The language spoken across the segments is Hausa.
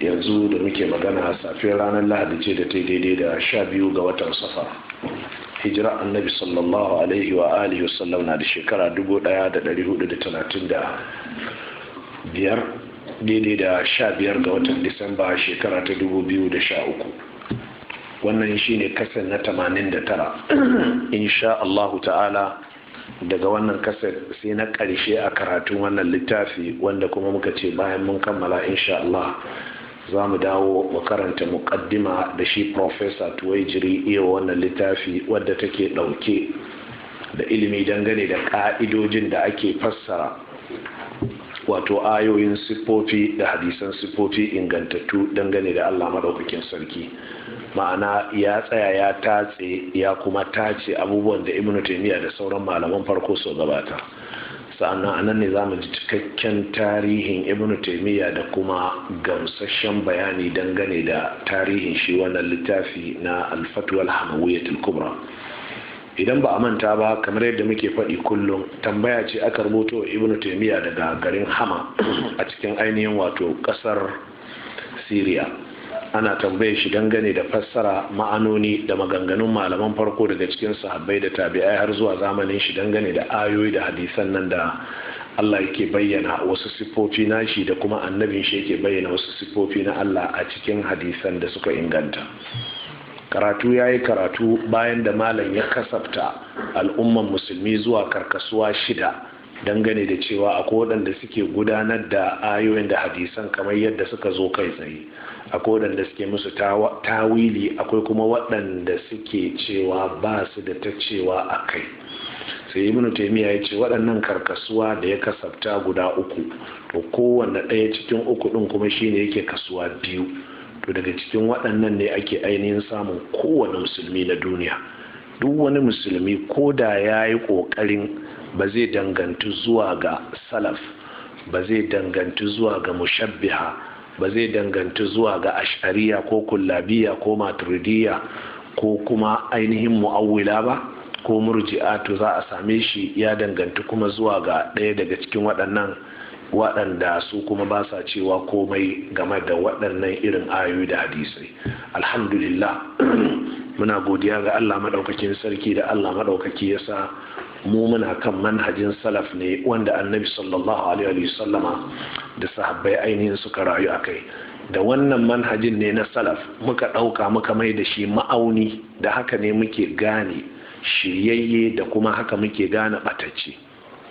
yanzu da muke magana safiyar ranar lahadi ce da ta yi daidai da sha biyu ga watan Safa, hijira annabi sallallahu alaihi wa alihi wasallam na da shekara dubu daya da dari hudu da talatin da biyar daidai da sha biyar ga watan disamba shekara ta dubu biyu da sha uku wannan shi ne kasan na tamanin da tara insha allahu ta'ala daga wannan kasar sai na ƙarshe a karatun wannan littafi wanda kuma muka ce bayan mun kammala insha Allah za mu dawo mu karanta muƙaddima da shi profesa tuwaijiri iya wannan littafi wadda take ɗauke da ilimi dangane da ƙa'idojin da ake fassara wato ayoyin siffofi da hadisan siffofi ingantattu dangane da allah maɗaukakin sarki ma'ana ya tsaya ya tatse ya kuma tace abubuwan da ibnu da sauran malaman farko su gabata sa'annan anan ne za mu ji cikakken tarihin Ibn taimiyya da kuma gamsasshen bayani dangane da tarihin shi wannan littafi na alfatwal hamawiyyatul kubra idan ba a manta ba kamar yadda muke faɗi kullum tambaya ce aka rubuto ibn taimiyya daga garin hama a cikin ainihin wato ƙasar siriya ana tambaye shi dangane da fassara ma'anoni da maganganun malaman farko daga cikin sahabbai da tabi'ai har zuwa zamanin shi dangane da ayoyi da hadisan nan da Allah yake bayyana wasu siffofi na shi da kuma annabin shi yake bayyana wasu siffofi na Allah a cikin hadisan da suka inganta karatu ya yi karatu bayan da malam ya kasafta al'umman musulmi zuwa karkasuwa shida dangane da cewa akwai waɗanda suke gudanar da ayoyin da hadisan kamar yadda suka zo kai tsaye akwai waɗanda suke musu tawili akwai kuma waɗanda suke cewa ba su da ta cewa a kai sai ibn taymiya ya ce waɗannan karkasuwa da ya kasafta guda uku to kowanne ɗaya cikin uku ɗin kuma shine yake kasuwa biyu to daga cikin waɗannan ne ake ainihin samun kowane musulmi na duniya duk wani musulmi ko da ya yi ƙoƙarin ba zai dangantu zuwa ga salaf ba zai dangantu zuwa ga mushabbiha ba zai dangantu zuwa ga ash'ariya ko kullabiya ko maturidiya ko kuma ainihin mu'awwila ba ko murji'a to za a same shi ya dangantu kuma zuwa ga ɗaya daga cikin waɗannan waɗanda su kuma ba sa cewa komai game da waɗannan irin ayoyi da hadisai alhamdulillah muna godiya ga allah maɗaukakin sarki da allah maɗaukaki ya sa mu muna kan manhajin salaf ne wanda annabi sallallahu alaihi sallama da sahabbai ainihin suka rayu a kai da wannan manhajin ne na salaf muka ɗauka muka mai da shi ma'auni da haka ne muke gane shiryayye da kuma haka muke gane ɓatacce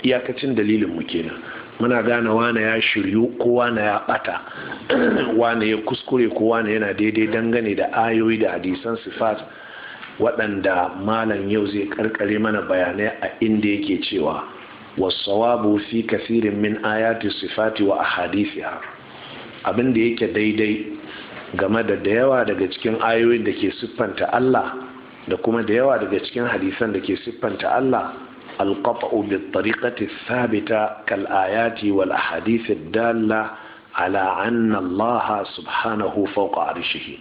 iyakacin dalilin mu kenan muna gane wane ya shiryu ko wane ya ɓata wane ya kuskure ko wane yana daidai dangane da ayoyi da hadisan sifat waɗanda malam yau zai karkare mana bayanai a inda yake cewa wasu fi kasirin min ayati sifati wa ahadithiha abin da yake daidai game da da yawa daga cikin ayoyin da ke siffanta Allah da kuma da yawa daga cikin hadisan da ke siffanta Allah alqata'u bi tariqati sabita kal ayati wal ahadisi dalla ala anna Allah subhanahu fawqa arshihi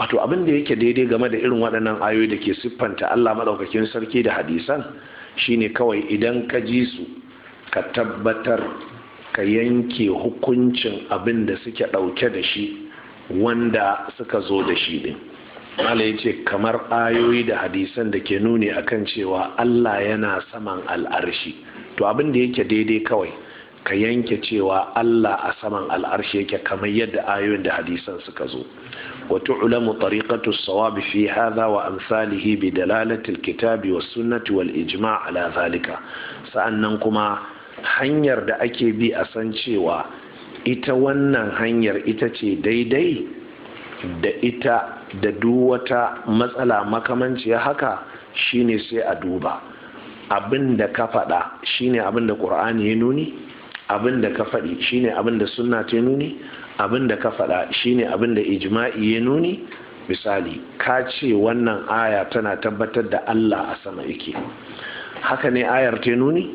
wato abin da yake daidai game da irin waɗannan ayoyi da ke siffanta Allah madaukakin sarki da hadisan shine kawai idan ka ji su ka tabbatar ka yanke hukuncin abin da suke ɗauke da shi wanda suka zo da shi din Allah ya ce kamar ayoyi da hadisan da ke nuni akan cewa Allah yana saman al'arshi to abin da yake daidai kawai ka yanke cewa Allah a saman al'arshi yake kamar yadda ayoyin da hadisan suka zo wa tu'lamu tariqatu sawabi fi hadha wa amsalihi bi dalalati alkitabi kitabi was sunnati wal ijma' ala zalika sa'annan kuma hanyar da ake bi a san cewa ita wannan hanyar ita ce daidai da ita da duk wata matsala ya haka shine sai a duba abin da ka faɗa shine abin da ƙur'ani ya nuni abin da ka faɗi shine abin da sunna ta nuni abin da ka faɗa shine abin da ijma'i ya nuni misali ka ce wannan aya tana tabbatar da Allah a sama yake haka ne ayar ta nuni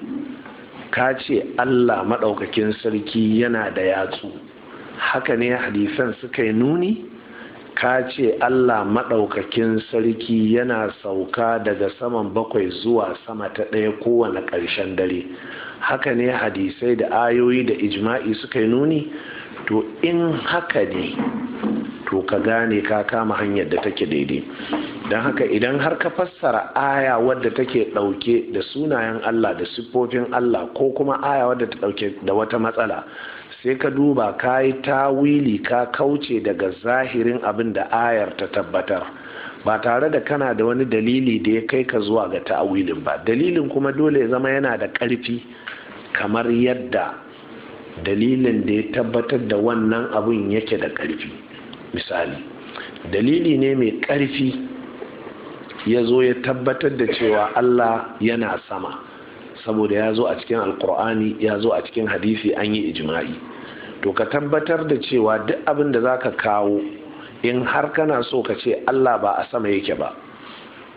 ka ce Allah maɗaukakin sarki yana da yatsu haka ne hadisan suka yi nuni ka ce Allah maɗaukakin sarki yana sauka daga saman bakwai zuwa sama ta ɗaya kowane ƙarshen dare haka ne hadisai da ayoyi da ijma'i suka yi nuni to in haka ne to ka gane ka kama hanyar da take daidai don haka idan har ka fassara aya wadda take ɗauke da sunayen Allah da siffofin Allah ko kuma aya wadda ta ɗauke da wata matsala sai ka duba ka yi tawili ka kauce daga zahirin abin da ayar ta tabbatar ba tare da kana da wani dalili da ya kai ka zuwa ga tawilin ba dalilin kuma dole ya zama yana da ƙarfi kamar yadda dalilin da ya tabbatar da wannan abin yake da ƙarfi misali dalili ne mai ƙarfi ya zo ya tabbatar da cewa Allah yana sama saboda ya zo a cikin alkur'ani ya zo a cikin hadisi an yi ijma'i to ka tabbatar da cewa duk abin da za ka kawo in har kana so ka ce allah ba a sama yake ba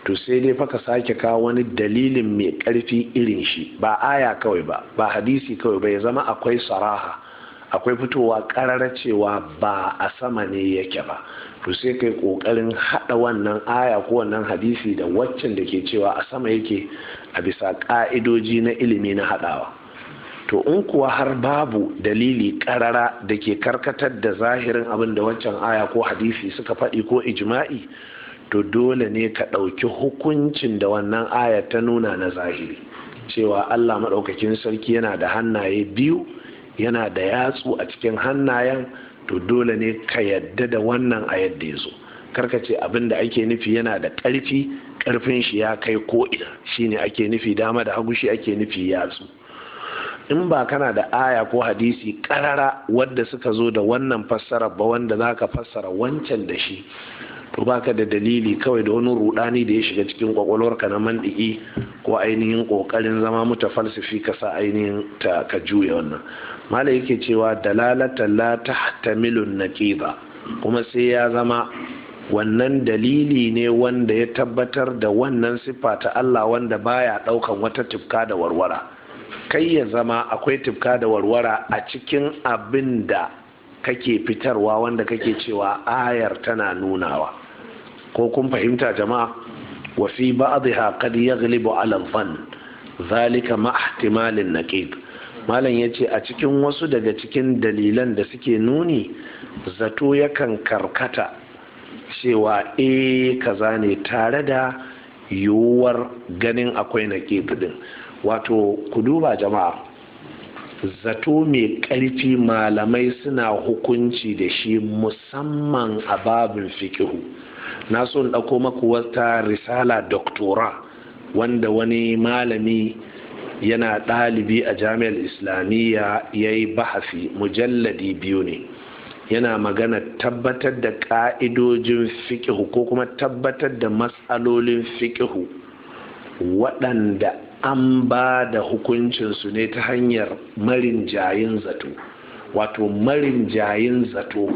to sai dai fa ka sake kawo wani dalilin mai ƙarfi irin shi ba aya kawai ba ba hadisi kawai ba ya zama akwai saraha akwai fitowa ƙarara cewa ba a sama ne yake ba to sai kai ƙoƙarin haɗa wannan aya ko wannan hadisi da waccan da ke cewa a sama yake a bisa ƙa'idoji na ilimi na haɗawa to in kuwa har babu dalili karara da ke karkatar da zahirin abin da wancan aya ko hadisi suka faɗi ko ijma'i to dole ne ka ɗauki hukuncin da wannan aya ta nuna na zahiri cewa allah maɗaukakin sarki yana da hannaye biyu yana da yatsu a cikin hannayen to dole ne ka yadda da wannan a yadda ya zo karkace abin da ake nufi yana da ƙarfi ƙarfin shi ya kai ko'ina shine ake nufi dama da hagu shi ake nufi yatsu in ba kana da aya ko hadisi karara wadda suka zo da wannan fassara ba wanda za ka fassara wancan da shi to baka da dalili kawai da wani rudani da ya shiga cikin kwakwalwarka na mandiki ko ainihin kokarin zama muta falsifi ka sa ainihin ta ka juya wannan mala yake cewa dalalata la tahtamilun naqiba kuma sai ya zama wannan dalili ne wanda ya tabbatar da wannan siffa ta Allah wanda baya ɗaukan wata tufka da warwara kai ya zama akwai tufka da warwara a cikin abin da kake fitarwa wanda kake cewa ayar tana nunawa ko kun fahimta jama'a wa fi ba'dha qad yaghlibu 'ala dhann zalika ma na naqib malam yace a cikin wasu daga cikin dalilan da suke nuni zato yakan karkata cewa e kaza ne tare da yiwuwar ganin akwai naqib din wato ku duba jama'a zato mai ƙarfi malamai suna hukunci da shi musamman a babin fikihu na son in ɗauko maku wata risala doktora wanda wani malami yana ɗalibi a jami'ar islamiyya ya yi bahafi mujalladi biyu ne yana magana tabbatar da ƙa'idojin fikihu ko kuma tabbatar da matsalolin fikihu waɗanda an ba da hukuncinsu ne ta hanyar marin jayin zato wato marin jayin zato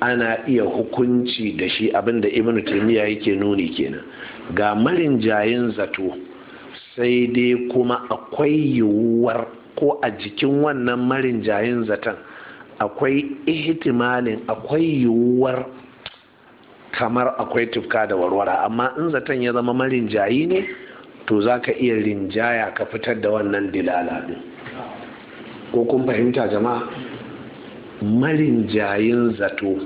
ana iya hukunci da shi abinda ibn taymiya yake nuni kenan ga marin jayin zato sai dai kuma akwai yiwuwar ko a jikin wannan marin jayin zaton akwai ihtimalin akwai yiwuwar kamar akwai tufka da warwara amma in zaton ya zama marin jayi ne to za ka iya rinjaya ka fitar da wannan dilala ɗin ko kun fahimta jama'a marinjayin zato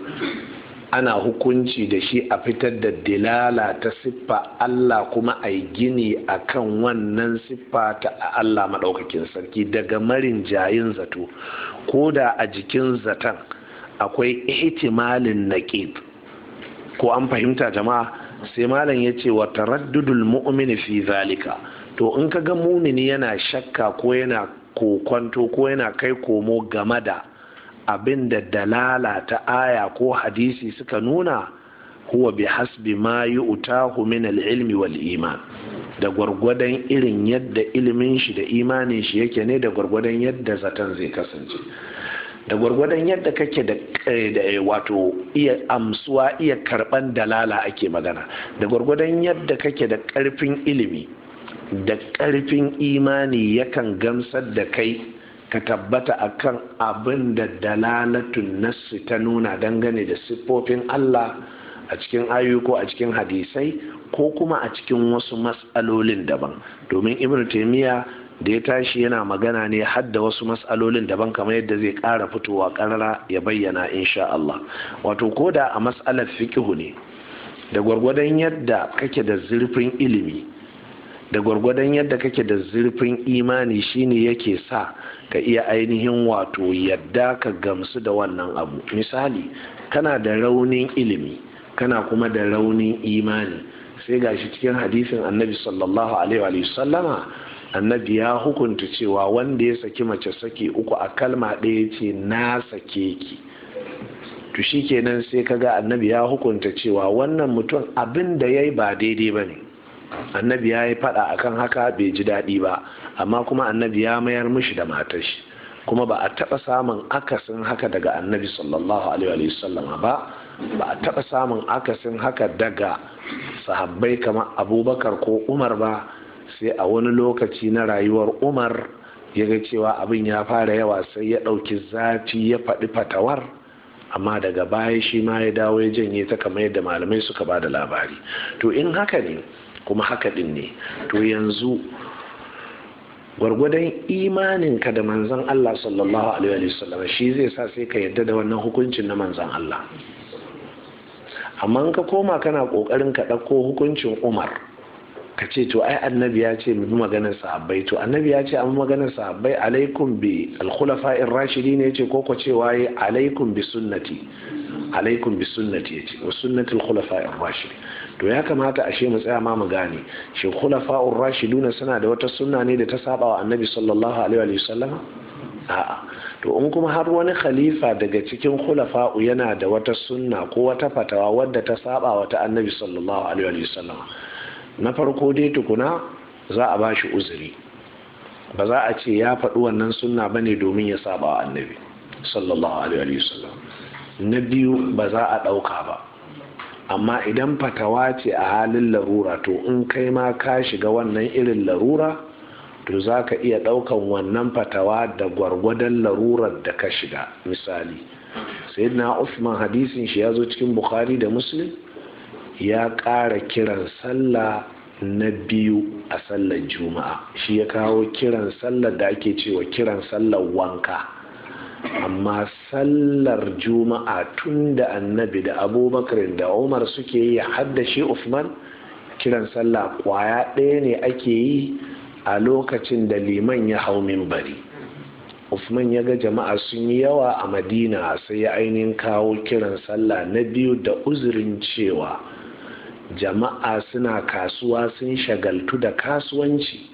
ana hukunci da shi a fitar da dilala ta siffa Allah kuma a gini a kan wannan siffa ta Allah maɗaukakin sarki daga marinjayin zato ko da a jikin zaton akwai ihtimalin naƙib ko an fahimta jama'a sai malam ya ce wa taraddudul mu'mini fi zalika to in ka ga mumini yana shakka ko yana kokonto ko yana kai komo game da abin da dalala ta aya ko hadisi suka nuna huwa bi hasbi ma yu'tahu min al-ilmi wal iman da gwargwadon irin yadda ilimin shi da imanin shi yake ne da gwargwadon yadda zaton zai kasance da gwargwadon yadda kake da eh, eh, wato iya amsuwa iya karban dalala ake magana da gwargwadon yadda kake da karfin ilimi da karfin imani yakan gamsar da kai ka tabbata akan abin da dalalatun nassi ta nuna dangane da siffofin Allah a cikin Ayyuko a cikin hadisai ko kuma a cikin wasu matsalolin daban domin ibn taimiyya da ya tashi yana magana ne hadda wasu matsalolin daban kamar yadda zai ƙara fitowa ƙarara ya bayyana insha Allah wato ko da a matsalar fikihu ne da gwargwadon yadda kake da zurfin ilimi da gwargwadon yadda kake da zurfin imani shine yake sa ka iya ainihin wato yadda ka gamsu da wannan abu misali kana da raunin ilimi kana kuma da raunin imani sai gashi cikin hadisin annabi sallallahu alaihi wa sallama annabi ya hukunta cewa wanda ya saki mace saki uku a kalma ɗaya ce na sake ki to shi kenan sai kaga annabi ya hukunta cewa wannan mutum abin da ya yi ba daidai ba ne annabi ya yi faɗa akan haka bai ji daɗi ba amma kuma annabi ya mayar mishi da matar shi kuma ba a taɓa samun akasin haka daga annabi sallallahu alaihi ba ba a taɓa samun akasin haka daga sahabbai kamar abubakar ko umar ba sai a wani lokaci na rayuwar umar ya ga cewa abin ya fara yawa sai ya ɗauki zafi ya faɗi fatawar amma daga baya shi ma ya dawo ya janye ta kamar yadda malamai suka ba da labari to in haka ne kuma haka ɗin ne to yanzu gwargwadon imaninka da manzan Allah sallallahu alaihi wasallam shi zai sa sai ka yadda da wannan hukuncin na manzan Allah amma ka koma kana kokarin ka ɗauko hukuncin Umar ka ce to ai annabi ya ce mu bi maganar sahabbai to annabi ya ce amma maganar sahabbai alaikum bi alkhulafa khulafair rashidin ne yace ko ko cewa yi alaikum bi sunnati alaikum bi sunnati yace wa sunnatul khulafa'ir rashidin to ya kamata ashe mu tsaya ma mu gane shi khulafa'ur rashiduna suna da wata sunna ne da ta saba wa annabi sallallahu alaihi wa sallam a'a to in kuma har wani khalifa daga cikin khulafa'u yana da wata sunna ko wata fatawa wadda ta saba wa ta annabi sallallahu alaihi wa sallam na farko dai tukuna za a ba shi uzuri ba za a ce ya faɗi wannan sunna ba ne domin ya saba wa annabi sallallahu alaihi wasallam na biyu ba za a ɗauka ba amma idan fatawa ce a halin larura to in kai ma ka shiga wannan irin larura to za ka iya ɗaukan wannan fatawa da gwargwadon larurar da ka shiga misali sayyidina usman hadisin shi ya zo cikin bukhari da muslim ya ƙara kiran sallah na biyu a sallar juma'a shi ya kawo kiran sallar da ake cewa kiran sallar wanka amma sallar juma'a tun da annabi da abubakar da umar suke yi shi usman kiran sallah kwaya ɗaya ne ake yi a lokacin da liman ya hau bari. usman ya ga jama'a sun yi yawa a madina sai ya ainihin kawo kiran sallah na biyu da uzurin cewa jama'a suna kasuwa sun shagaltu da kasuwanci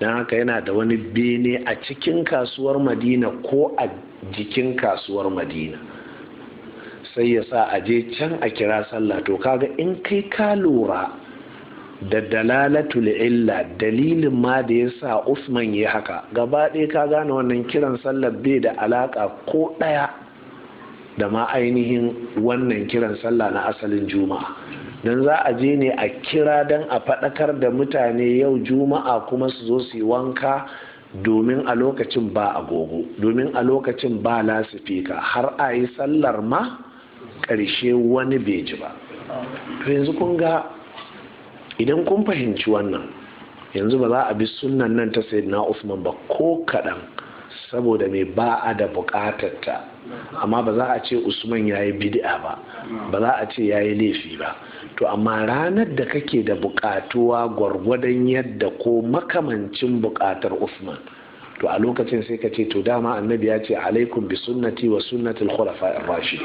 don haka yana da wani bene a cikin kasuwar madina ko a jikin kasuwar madina sai ya sa aje can a kira sallah to kaga in kai ka lura da dalalatul illa dalilin ma da ya sa usman ya haka gaba ɗaya ka gane wannan kiran sallar bai da alaƙa ko ɗaya da ma ainihin wannan kiran sallah na asalin juma'a don za a je ne a kira don a faɗakar da mutane yau juma'a kuma su zo su yi wanka domin a lokacin ba agogo domin a lokacin ba lasifika har a yi sallar ma ƙarshe wani beji ba to yanzu kun ga idan kun fahimci wannan yanzu ba za a bi sunan nan ta na Usman ba ko kaɗan saboda mai ba a da bukatarta amma ba za a ce usman ya yi bid'a ba ba za a ce ya yi laifi ba to amma ranar da kake da bukatuwa gwargwadon yadda ko makamancin bukatar usman to a lokacin sai ka ce to dama annabi ya ce alaikum bi sunnati wa sunnati al-khulafa ar-rashid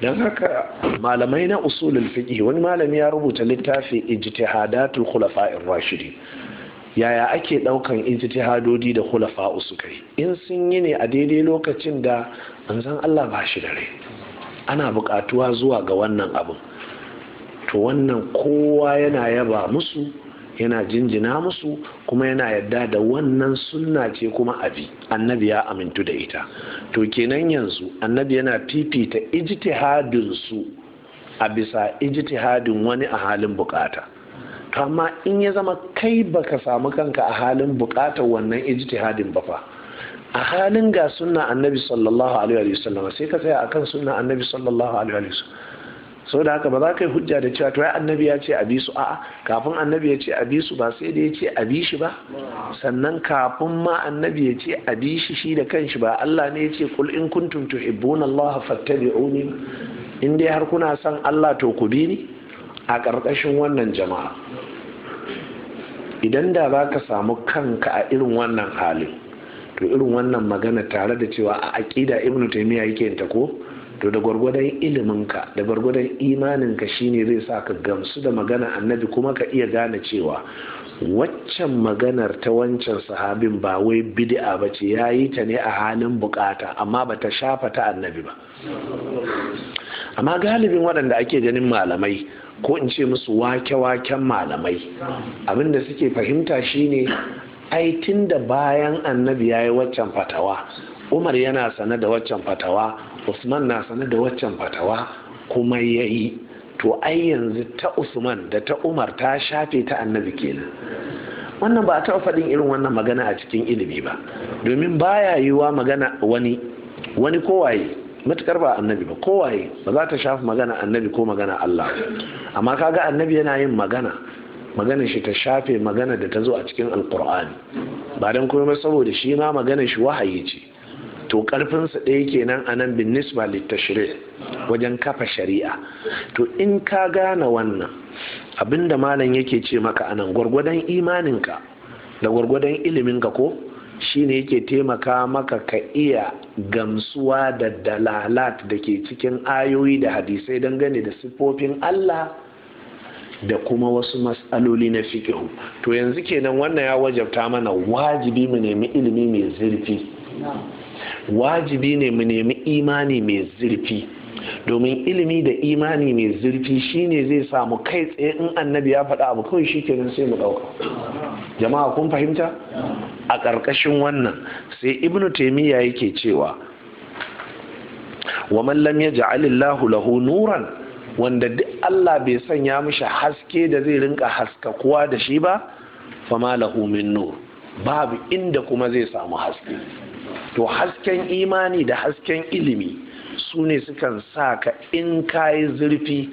dan haka malamai na usulul fiqh wani malami ya rubuta littafi ijtihadatul khulafa ar-rashid yaya ake daukan ijtihadodi da hulafa su kai? in sun yi ne a daidai lokacin da manzon Allah ba shi da rai ana buƙatuwa zuwa ga wannan abin to wannan kowa yana yaba musu yana jinjina musu kuma yana yadda da wannan sunna ce kuma abi annabi ya amintu da ita to kenan yanzu annabi yana fifita ijtihadin su a bisa ijtihadin wani a halin bukata to amma in ya zama kai baka samu kanka a halin bukatar wannan ijtihadin ba fa a halin ga sunna annabi sallallahu alaihi wa sallam? sai ka tsaya akan sunna annabi sallallahu alaihi sallam. sau da haka ba za ka yi hujja da cewa tuwai annabi ya ce a bi su a'a kafin annabi ya ce a bi su ba sai da ya ce a bi shi ba sannan kafin ma annabi ya ce a bi shi shi da kanshi ba Allah ne ya ce kul in kuntum tuhibbuna Allah fattabi'uni in dai har kuna son Allah to ku bi ni a ƙarƙashin wannan jama'a idan da za ka samu kanka a irin wannan halin to irin wannan magana tare da cewa a aƙida ibnu taimiyya yake yin ta ko to da gwargwadon iliminka da gwargwadon imaninka shine zai sa ka gamsu da magana annabi kuma ka iya gane cewa waccan maganar ta wancan sahabin ba wai bid'a ba ce ya yi ta ne a halin bukata amma ba ta shafa ta annabi ba amma galibin waɗanda ake ganin malamai ko in ce musu wake-waken malamai abinda suke fahimta shine ai tun da bayan annabi ya yi waccan fatawa umar yana sane da waccan fatawa usman na sane da waccan fatawa kuma ya yi to ai yanzu ta usman da ta umar ta shafe ta annabi kenan wannan ba a taɓa faɗin irin wannan magana a cikin ilimi ba domin baya wa magana wani wani kowaye matukar ba annabi ba kowaye ba za ta shafi magana annabi ko magana Allah amma kaga annabi yana yin magana magana shi ta shafe magana da ta zo a cikin alkur'ani ba don kuma saboda shi ma magana shi wahayi ce to karfinsa ɗaya kenan a nan bin nisba littashiri wajen kafa shari'a to in ka gane wannan abinda malam yake ce maka anan, gwargwadon imaninka da gwargwadon iliminka ko shine yake taimaka maka ka iya gamsuwa da dalalat da ke cikin ayoyi da hadisai gane da siffofin Allah da kuma wasu matsaloli na fiƙihu to yanzu kenan wannan ya wajabta mana wajibi mu nemi ilimi mai zurfi wajibi ne mu nemi imani mai zurfi domin ilimi da imani mai zurfi shine zai samu kai tsaye in annabi ya faɗa abu kawai shi kenan sai mu ɗauka jama'a kun fahimta a ƙarƙashin wannan sai Ibn taimiyya yake cewa wa man lam yaj'alillahu lahu nuran wanda duk Allah bai sanya mishi haske da zai rinka haskakuwa da shi ba fama lahu min nur babu inda kuma zai samu haske to hasken imani da hasken ilimi su ne sukan sa ka in kayi zurfi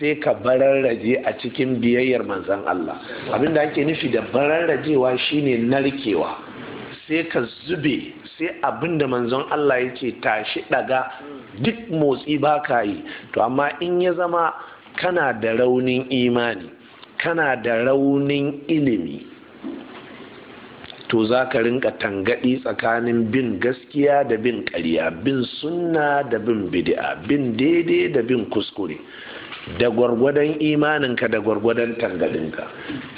sai ka bararraje a cikin biyayyar manzan Allah abinda ake nufi da bararrajewa shine narkewa sai ka zube sai abinda manzon Allah yake tashi daga duk motsi ba ka yi to amma in ya zama kana da raunin imani kana da raunin ilimi to za ka rinka tangaɗi tsakanin bin gaskiya da bin karya, bin sunna da bin bid'a bin daidai da bin kuskure da gwargwadon imaninka da gwargwadon tangadinka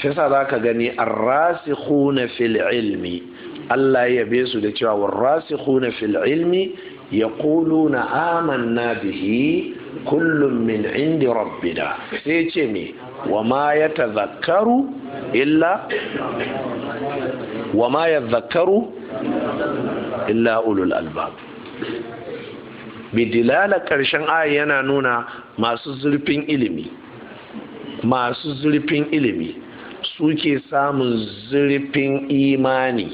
shi sa za ka gani arrasikhuna fil ilmi Allah ya be su da cewa warrasikhuna fil ilmi na amanna bihi kullum min indi rabbina sai ce me wa ma zakaru illa wa ma illa ulul albab bidilala ƙarshen ayi yana nuna masu zurfin ilimi masu zurfin ilimi suke samun zurfin imani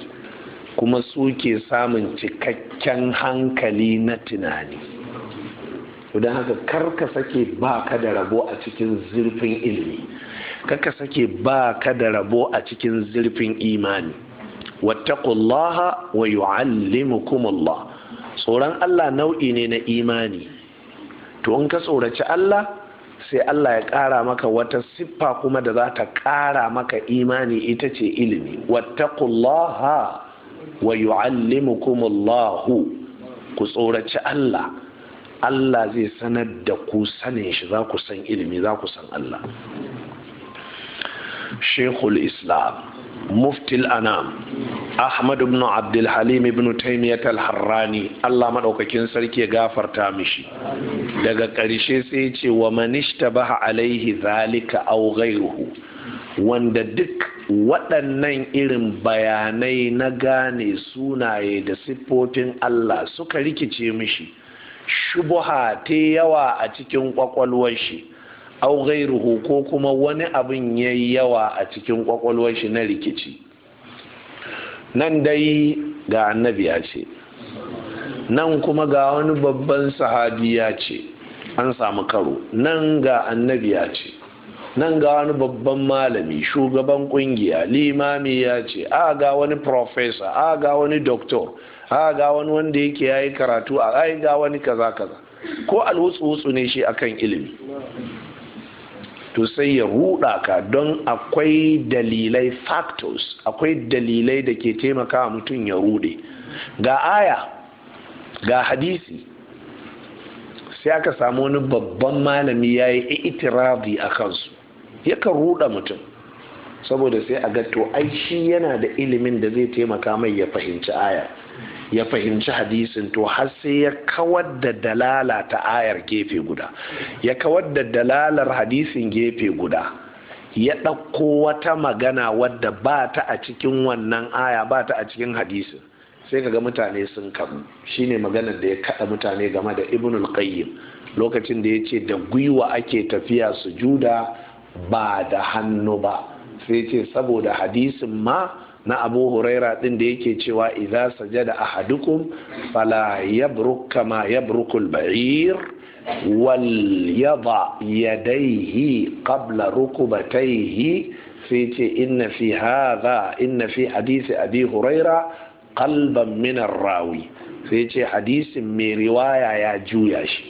kuma suke samun cikakken hankali na tunani don haka karka sake ba da rabo a cikin zurfin ilimi karka sake baka da rabo a cikin zurfin imani wattaqullaha wa yu'allimukumullah tsoron Allah nau'i ne na imani to in ka tsoraci Allah sai Allah ya ƙara maka wata siffa kuma da za ta ƙara maka imani ita ce ilimi wattaqullaha wa yu'allimukumullahu ku tsoraci Allah Allah zai sanar da ku sanin shi za ku san ilimi za ku san Allah shekul islam muftil anam ahmad ibn abdulhalim ibn taimiyat al-harrani allah maɗaukakin sarki ya gafarta mishi daga ƙarshe sai ce wa manishta baha alaihi zalika au ghairuhu wanda duk waɗannan irin bayanai na gane sunaye da siffofin allah suka rikice mishi shubuha ta yawa a cikin ƙwaƙwalwar shi au ghairuhu ko kuma wani abin ya yi yawa a cikin kwakwalwar shi na rikici nan dai ga annabi ya ce nan kuma ga wani babban sahabi ya ce an samu karo nan ga annabi ya ce nan ga wani babban malami shugaban kungiya limami ya ce a ga wani profesa a ga wani doktor a ga wani wanda yake ya yi karatu a ga wani kaza kaza ko alwutsu wutsu ne shi akan ilimi to sai ya ruɗa ka don akwai dalilai factors akwai dalilai da ke taimaka mutum ya ruɗe ga aya ga hadisi sai aka samu wani babban malami ya yi itirabi a kansu yakan ruɗa mutum saboda sai a ga to aishi yana da ilimin da zai taimaka mai ya fahimci aya ya fahimci hadisin to har sai ya kawar da dalala ta ayar gefe guda ya kawar da dalalar hadisin gefe guda ya ɗauko wata magana wadda ba ta a cikin wannan aya ba ta a cikin hadisin sai ga mutane sun kamu shine maganar da ya kaɗa mutane game da ibnul qayyim lokacin da ya ce da gwiwa ake tafiya sujuda ba da hannu ba sai ce saboda hadisin ma na abu huraira din da yake cewa idza sajada ahadukum fala yabruk kama yabrukul ba'ir wal yada yadayhi qabla rukubatayhi sai ce inna fi hadha inna fi hadisi abi huraira qalban min rawi sai ce hadisin mai riwaya ya juya shi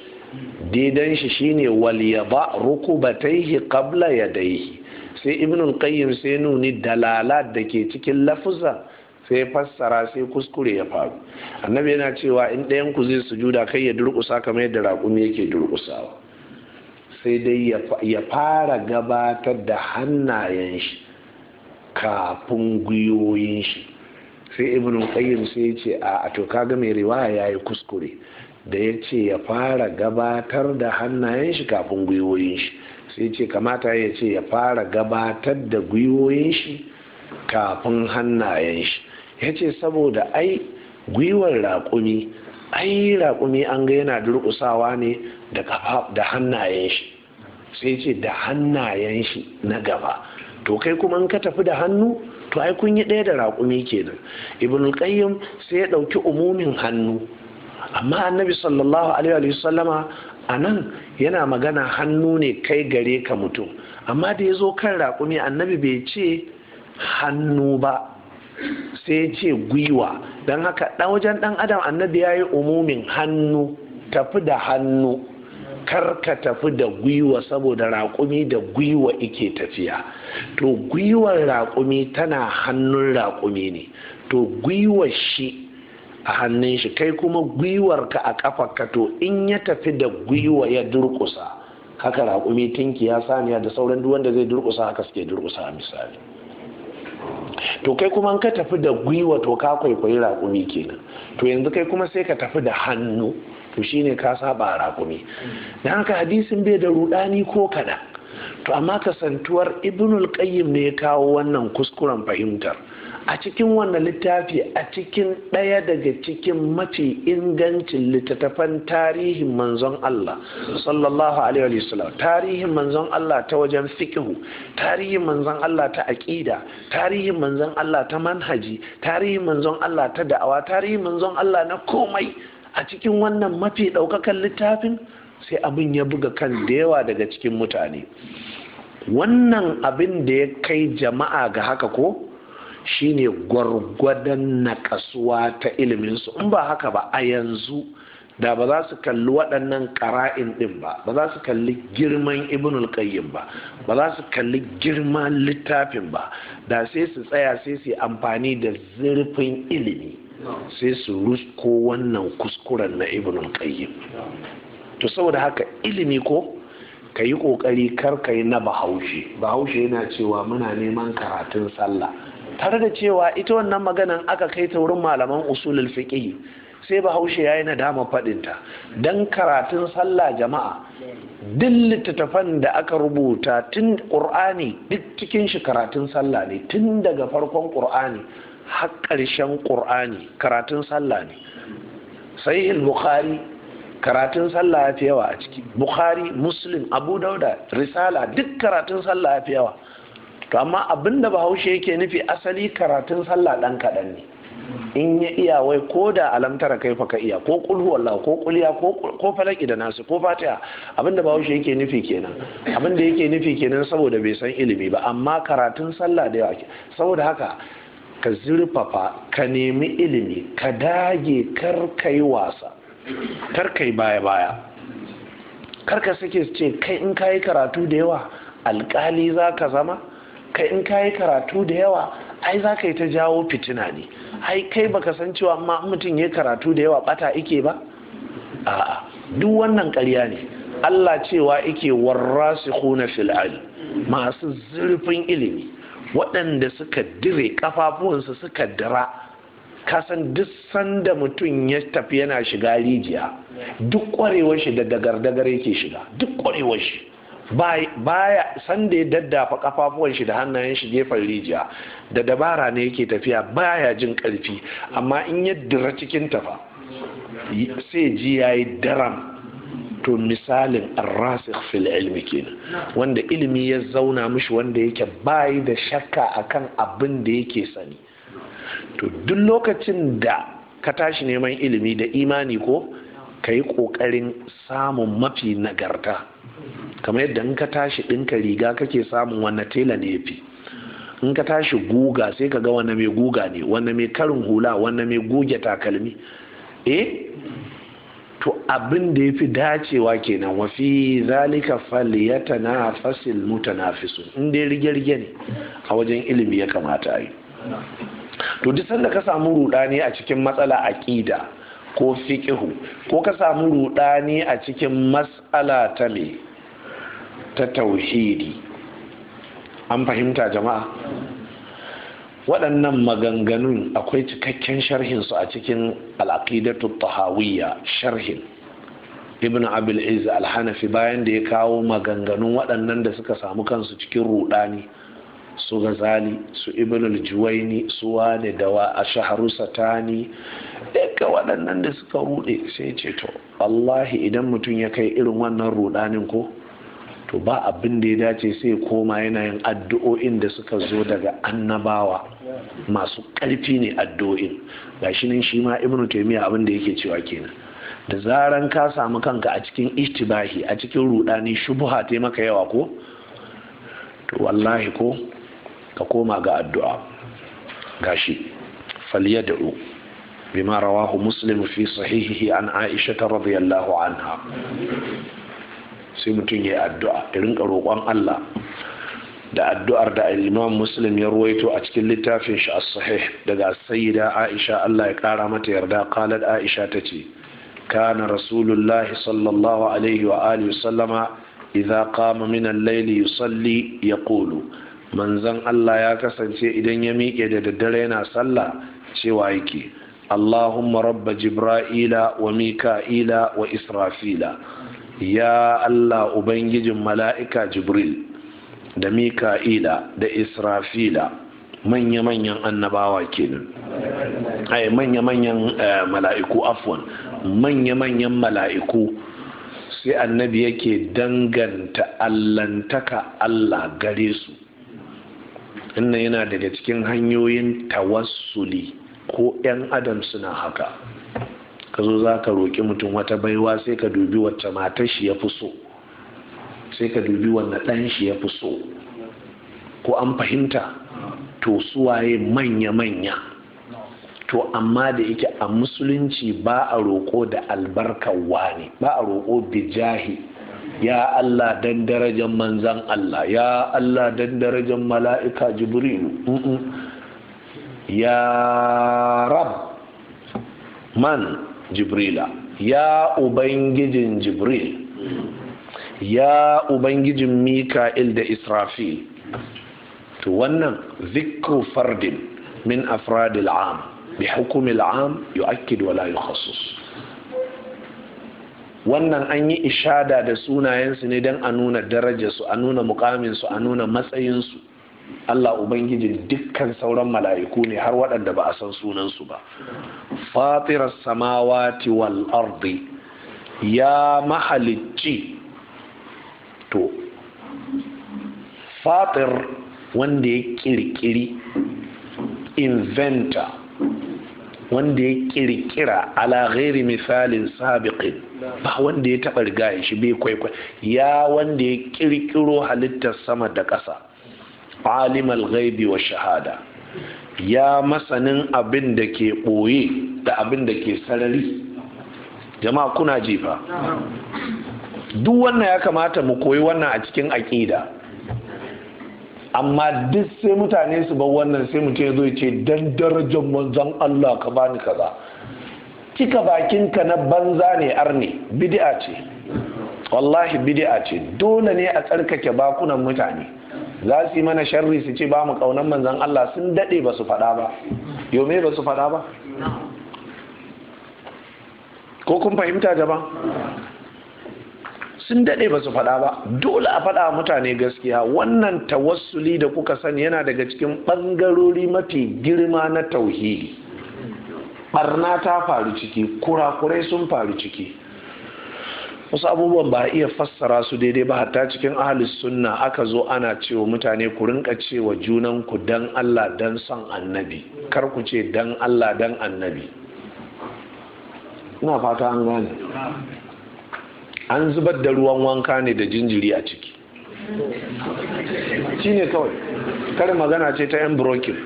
didan shi shine wal yada rukubatayhi qabla yadayhi sai ibn al-qayyim sai nuni dalalat da ke cikin lafuzan sai fassara sai kuskure ya faru annabi yana cewa in ɗayan ku zai sujuda kai ya durƙusa kamar yadda raƙumi yake durƙusawa sai dai ya fara gabatar da hannayen shi kafin gwiwoyin shi sai ibn qayyim sai ya ce a to kaga mai riwaya yayi kuskure da ya ce ya fara gabatar da hannayen shi kafin gwiwoyin shi sai ce kamata ya ce ya fara gabatar da gwiwoyin shi kafin hannayen shi ya ce saboda ai gwiwar raƙumi ai raƙumi an ga yana durƙusawa ne da hannayen shi sai ce da hannayen shi na gaba to kai kuma in ka tafi da hannu to ai kun yi ɗaya da raƙumi kenan ibn qayyim sai ya ɗauki umumin hannu amma annabi sallallahu alaihi wasallama a nan yana magana hannu ne kai gare ka mutum amma da ya zo kan raƙumi annabi bai ce hannu ba sai ce gwiwa don haka ɗan wajen ɗan adam annabi ya yi umumin hannu tafi da hannu kar ka tafi da gwiwa saboda raƙumi da gwiwa ike tafiya to gwiwar raƙumi tana hannun raƙumi ne to gwiwar shi a hannun shi kai kuma gwiwarka a kafarka to in ya tafi da gwiwa ya durkusa haka raƙumi ya saniya da sauran duk wanda zai durkusa haka suke durkusa a misali to kai kuma ka tafi da gwiwa to ka kwaikwayi raƙumi kenan to yanzu kai kuma sai ka tafi da hannu to shine ka saba raƙumi da haka hadisin bai da rudani ko kaɗan to amma kasantuwar ibnul qayyim ne ya kawo wannan kuskuren fahimtar a cikin wannan littafi a cikin ɗaya daga cikin mafi ingancin littattafan tarihin manzon Allah sallallahu alaihi wasallam tarihin manzon Allah ta wajen fikihu tarihin manzon Allah ta aƙida tarihin manzon Allah ta manhaji tarihin manzon Allah ta da'awa tarihin manzon Allah na komai a cikin wannan mafi ɗaukakan littafin sai abin ya buga kan da yawa daga cikin mutane wannan abin da ya kai jama'a ga haka ko shine gwargwadon naƙasuwa ta iliminsu in ba haka ba a yanzu da ba za su kalli waɗannan ƙara'in ɗin ba ba za su kalli girman ibnul qayyim ba ba za su kalli girman littafin ba da sai su tsaya sai su amfani da zurfin ilimi sai su rusko wannan kuskuren na ibnul qayyim to saboda haka ilimi ko ka yi ƙoƙari kar ka yi na bahaushe bahaushe yana cewa muna neman karatun sallah tare da cewa ita wannan maganan aka kai ta wurin malaman usulul fiqh sai bahaushe yayi nadama fadin ta dan karatun sallah jama'a duk littafan da aka rubuta tun qur'ani duk cikin shi karatun sallah ne tun daga farkon qur'ani har ƙarshen qur'ani karatun sallah ne sahih bukhari karatun sallah ya fi yawa a ciki bukhari muslim abu dauda risala duk karatun sallah ya fi yawa to amma abin da bahaushe yake nufi asali karatun sallah ɗan kaɗan ne in ya iya wai ko da alamtara kai fa ka iya ko kulhu wallah ko kulya ko falaki da nasu ko fatiha abin da bahaushe yake nufi kenan abin da yake nufi kenan saboda bai san ilimi ba amma karatun sallah da yawa saboda haka ka zurfafa ka nemi ilimi ka dage kar kai wasa kar kai baya baya kar ka sake ce kai in kayi karatu da yawa alkali za ka zama kai in ka yi karatu da yawa ai za ka yi ta jawo fitina ne ai kai baka san cewa amma mutum ya karatu da yawa bata ike ba a'a duk wannan ƙarya ne Allah cewa ike su fil ilm masu zurfin ilimi waɗanda suka dire kafafuwansu suka dira kasan duk sanda mutum ya tafi yana shiga rijiya duk kwarewar shi da dagar yake shiga duk kwarewarshi. shi baya san da ya daddafa kafafuwan shi da hannayen shi gefen rijiya da dabara ne yake tafiya baya jin karfi amma in ya dira cikin tafa sai ji ya yi daram to misalin arrasik fil ilmi kenan wanda ilimi ya zauna mishi wanda yake bayi da shakka akan abin da yake sani to duk lokacin da ka tashi neman ilimi da imani ko ka yi ƙoƙarin samun mafi nagarta kamar yadda in ka tashi ɗinka riga kake samun wannan tela ne fi in ka tashi guga sai ka ga wannan mai guga ne wannan mai karin hula wannan mai guge takalmi eh to abin da ya fi dacewa kenan wafi zalika ya na fasil mutanafisu in dai rige-rige ne a wajen ilimi ya kamata a yi to duk sanda ka samu rudani a cikin matsala aƙida ko fiƙihu ko ka samu rudani a cikin matsala ta me ta tauhidi an fahimta jama'a waɗannan maganganun akwai cikakken sharhin su a cikin al'aqidatu tahawiyya sharhin ibn abil iz al-hanafi bayan da ya kawo maganganun waɗannan da suka samu kansu cikin rudani su gazali su ibnul juwaini su wane dawa a shaharu satani daga waɗannan da suka rude sai ce to wallahi idan mutum ya kai irin wannan rudanin ko to ba abin da ya dace sai koma yana yin addu'o'in da suka zo daga annabawa masu ƙarfi ne addu'o'in gashi nan shi ma ibnu taymiya abin da yake cewa kenan da zaran ka samu kanka a cikin ishtibahi a cikin rudani shubuha ta maka yawa ko to wallahi ko ka koma ga addu'a gashi falyad'u bima rawahu muslim fi sahihihi an aisha ta radiyallahu anha sai mutum ya yi addu'a irin roƙon Allah da addu'ar da imam muslim ya ruwaito a cikin littafin shi as-sahih daga sayyida aisha Allah ya ƙara mata yarda qalat aisha ta ce kana rasulullahi sallallahu alaihi wa alihi sallama idza qama min al-layli yusalli yaqulu manzan Allah ya kasance idan ya miƙe da daddare yana sallah cewa yake Allahumma rabba Jibra'ila wa Mika'ila wa Israfila ya Allah ubangijin mala'ika Jibril da Mika'ila da Israfila manya-manyan annabawa kenan ay manya-manyan eh, mala'iku afwan manya-manyan mala'iku sai annabi yake danganta allantaka Allah gare su wannan yana daga cikin hanyoyin tawassuli ko 'yan adam suna haka ka zo za ka roƙi mutum wata baiwa sai ka dubi wacce matar shi ya fi so sai ka dubi wanda ɗan shi ya fi so ko an fahimta to suwaye manya-manya to amma da yake a musulunci ba a roƙo da albarkar wani ba a roƙo bijahi ya Allah dan darajar manzan Allah ya Allah dan darajar mala'ika jibrilu ya rab man jibrila ya ubangijin jibril ya ubangijin mika'il da israfil to wannan zikru fardin min afradil am bi hukumil am yu'akkid la yukhassis wannan an yi ishada da sunayensu ne don a nuna darajarsu a nuna mukaminsu a nuna matsayinsu Allah ubangiji dukkan sauran mala'iku ne har waɗanda ba a san sunansu ba. Fatirar samawati wal ardi ya mahalicci to, fatir wanda ya kirkiri inventor wanda ya kirkira ala ghairi misalin sabiqin ba wanda ya taba riga shi bai kwaikwai ya wanda ya kirkiro halittar sama da ƙasa alimal ghaibi wa shahada ya masanin abin da ke ɓoye da abin da ke sarari jama'a kuna jefa. duk wannan ya kamata mu koyi wannan a cikin aƙida amma duk sai mutane su bar wannan sai mutum ya zo ce dan darajar manzon Allah ka bani kaza cika bakinka na banza ne arne bid'a ce wallahi bid'a ce dole ne a tsarkake bakunan mutane za su yi mana sharri su ce ba mu kaunan manzon Allah sun dade ba su faɗa ba yome ba su faɗa ba ko kun fahimta jama'a sun daɗe ba su faɗa ba dole a faɗa mutane gaskiya wannan tawassuli da kuka sani yana daga cikin ɓangarori mafi girma na tauhidi ɓarna ta faru ciki kurakurai sun faru ciki wasu abubuwan ba a iya fassara su daidai ba hatta cikin ahalus sunna aka zo ana cewa mutane ku rinka cewa junan ku dan Allah dan son annabi kar ku ce dan Allah dan annabi ina fata an gane an zubar da ruwan wanka ne da jinjiri a ciki shi ne kawai kare magana ce ta yan brokin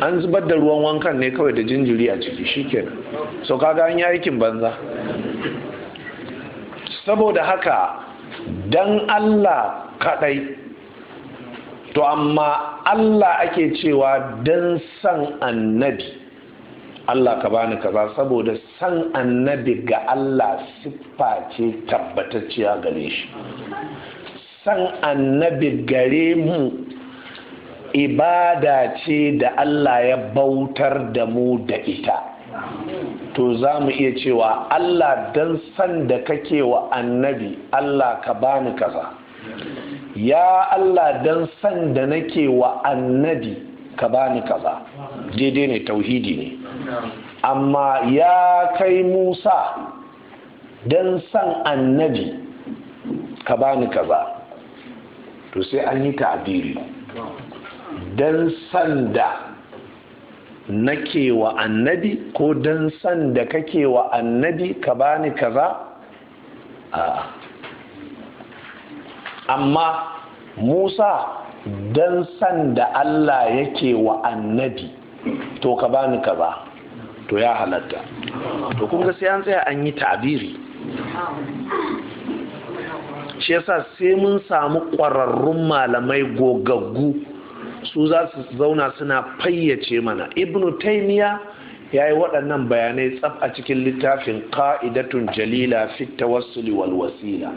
an zubar da ruwan wankan ne kawai da jinjiri a ciki shikenan so kaga an yi aikin banza saboda haka dan Allah kadai to amma Allah ake cewa dan san annabi Allah ka bani kaza saboda san annabi ga Allah siffa ce tabbatacciya gare shi san annabi gare mu ibada ce da Allah ya bautar da mu da ita to za mu iya cewa Allah don san da kake wa annabi Allah ka bani kaza ya Allah don san da nake wa annabi ka bani kaza daidai ne tauhidi ne amma ya kai musa don san annabi ka bani kaza to sai an yi ta'abiri don san da nake wa annabi ko don san da kake wa annabi ka bani kaza a amma musa don san da Allah yake wa annabi to ka bani ba to ya halatta to kun ga sai an tsaya an yi tabiri shi yasa sai mun samu ƙwararrun malamai gogaggu su za su zauna suna fayyace mana ibnu taimiya ya yi waɗannan bayanai tsaf a cikin littafin ƙa'idatun jalila fit tawassuli wal wasila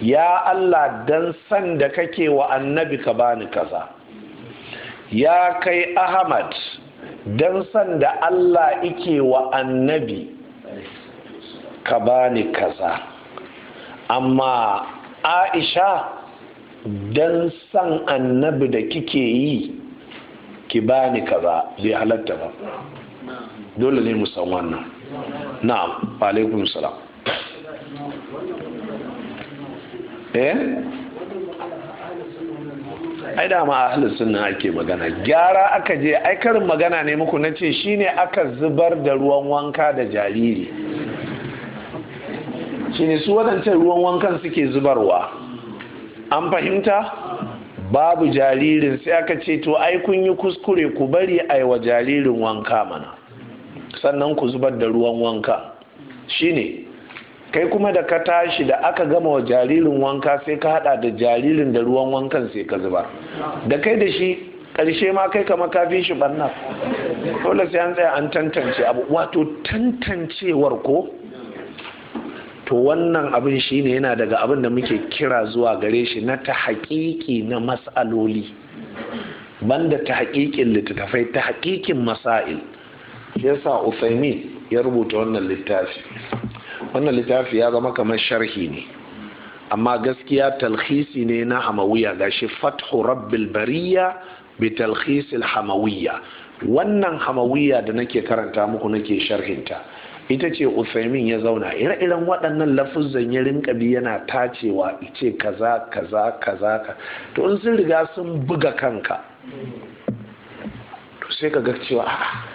ya Allah dan san da kake wa annabi ka bani kaza ya kai ahmad dan san da Allah ike wa annabi ka bani kaza amma aisha dan san annabi da kike yi ki bani kaza bai halatta ba dole ne mu san wannan na'am alaikum salam eh ai da ma ahlus sunna ake magana gyara aka je ai karin magana ne muku na ce shine aka zubar da ruwan wanka da jariri shine su wadancan ruwan wankan suke zubarwa an fahimta babu jaririn sai aka ce to ai kun yi kuskure ku bari ai wa jaririn wanka mana sannan ku zubar da ruwan wanka shine kai kuma da ka tashi da aka gama wa jaririn wanka sai ka hada da jaririn da ruwan wankan sai ka zuba da kai da shi karshe ma kai kama kafin shi banna dole sai an tsaya an tantance abu wato tantancewar ko to wannan abin shi ne yana daga abin da muke kira zuwa gare shi na ta haƙiƙi na mas'aloli. banda ta haƙiƙin littattafai ta haƙiƙin masail shi yasa Usaimi ya rubuta wannan littafi wannan littafi ya zama kamar sharhi ne amma gaskiya talhisi ne na hamawiya gashi fathu rabbil bariya bi talhisil hamawiya wannan hamawiya da nake karanta muku nake sharhinta ita ce Uthaymin ya zauna ire-iren waɗannan lafuzan ya rinka bi yana tacewa ice kaza kaza kaza ka to in sun riga sun buga kanka to sai ka ga cewa ah,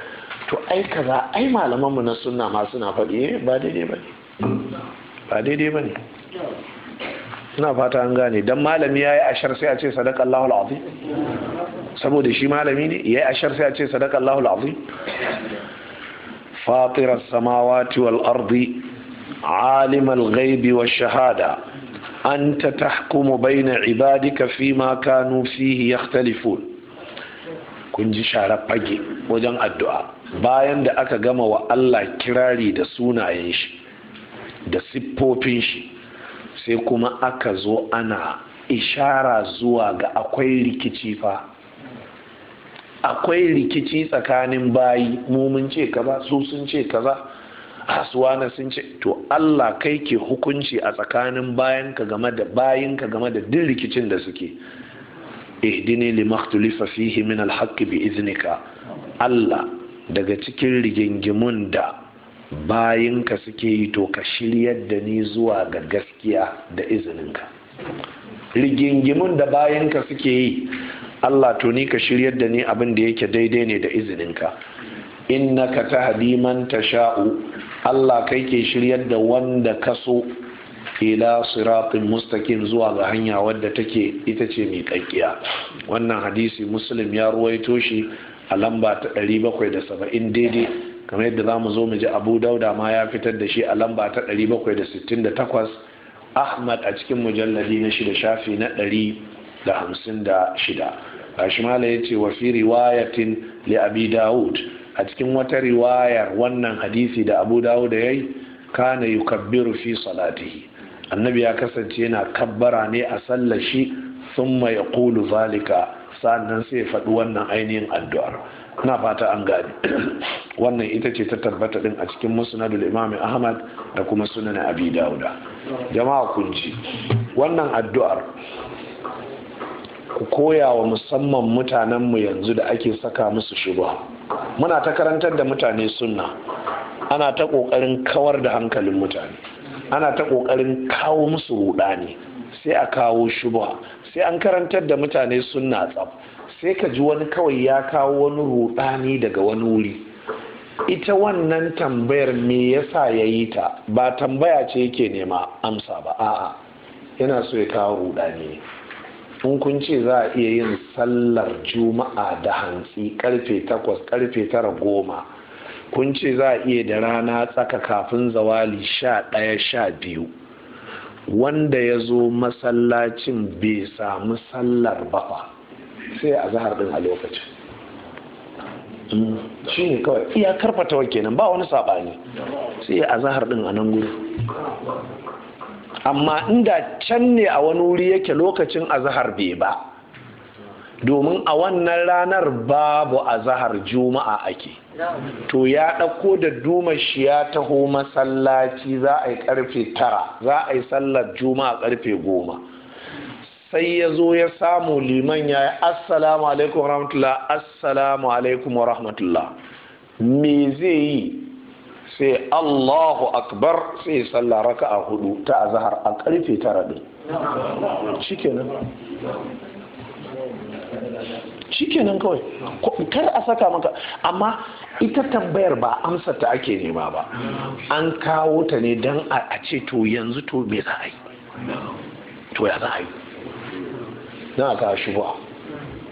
to ai kaza ai malaman mu na sunna ma suna faɗi eh, ba daidai ba ne ba daidai ba ne ina fata an gane dan malami yayi ashar sai a ce sadaka Allahu azim saboda shi malami ne yayi ashar sai a ce sadaka Allahu azim فاطر السماوات والأرض عالم الغيب والشهادة أنت تحكم بين عبادك فيما كانوا فيه يختلفون kun ji share fage wajen addu'a bayan da aka gama wa Allah kirari da sunayen shi da siffofin shi sai kuma aka zo ana ishara zuwa ga akwai rikici fa akwai rikici tsakanin bayi mumun ce kaza su sun ce kaza hasuwana sun ce to Allah kai ke hukunci a tsakanin bayanka game da bayinka game da duk rikicin da suke ihdini limakhtulifa fihi min alhaqqi bi iznika Allah daga cikin rigingimun da bayinka suke yi to ka shiryar da ni zuwa ga gaskiya da izininka rigingimun da bayinka suke yi Allah to ni ka shiryar da ni abin da yake daidai ne da izininka innaka ta man sha'u, Allah kai ke shiryar da wanda ka so ila siratin mustakin zuwa ga hanya wadda take ita ce mai kakkiya wannan hadisi muslim ya ruwaito shi a lamba ta 770 daidai kamar yadda za mu zo mu ji abu dauda ma ya fitar da shi a lamba ta 768 ahmad a cikin mujalladi na shida shafi na 156 gashi mala ya ce wa fi riwayatin li abi dawud a cikin wata riwayar wannan hadisi da abu dawud ya yi kana yukabbiru fi salatihi annabi ya kasance yana kabbara ne a sallar shi mai kulu zalika nan sai faɗi wannan ainihin addu'ar na fata an gane wannan ita ce ta tabbata ɗin a cikin musnadul imami ahmad da kuma sunan abi dauda jama'a kun wannan addu'ar ku koya wa musamman mutanenmu yanzu da ake saka musu shuba muna ta karantar da mutane sunna ana ta ƙoƙarin kawar da hankalin mutane ana ta ƙoƙarin kawo musu rudani sai a kawo shuba. sai an karantar da mutane sunna tsaf sai ka ji wani kawai ya kawo wani rudani daga wani wuri ita wannan tambayar me yasa ya yi ta ba tambaya ce yake nema amsa ba a'a yana so ya kawo rudani in kun ce za a iya yin sallar juma'a da hantsi karfe takwas karfe tara goma kun ce za a iya da rana tsaka kafin zawali sha ɗaya sha biyu wanda ya zo masallacin bai samu sallar ba sai a zahar din a lokacin hmm, shi ne kawai iya karfata kenan ba wani saɓani sai a zahar din a nan gudu amma inda can ne a wani wuri yake lokacin a zahar bai ba domin a wannan ranar babu a zahar juma'a ake to ya ɗauko da duma shi ya taho masallaci za a yi karfe tara za a yi sallar juma'a ƙarfe goma sai ya zo ya samu liman ya yi assalamu alaikum rahmatullah assalamu alaikum wa rahmatullah me zai yi sai allahu akbar sai ya salla raka a hudu ta azahar a karfe tara ɗin kenan kawai kar a saka maka amma ita tambayar ba amsar ta ake nema ba an kawo ta ne don a ce to yanzu to me za a yi to ya za a yi Don kawo shi ba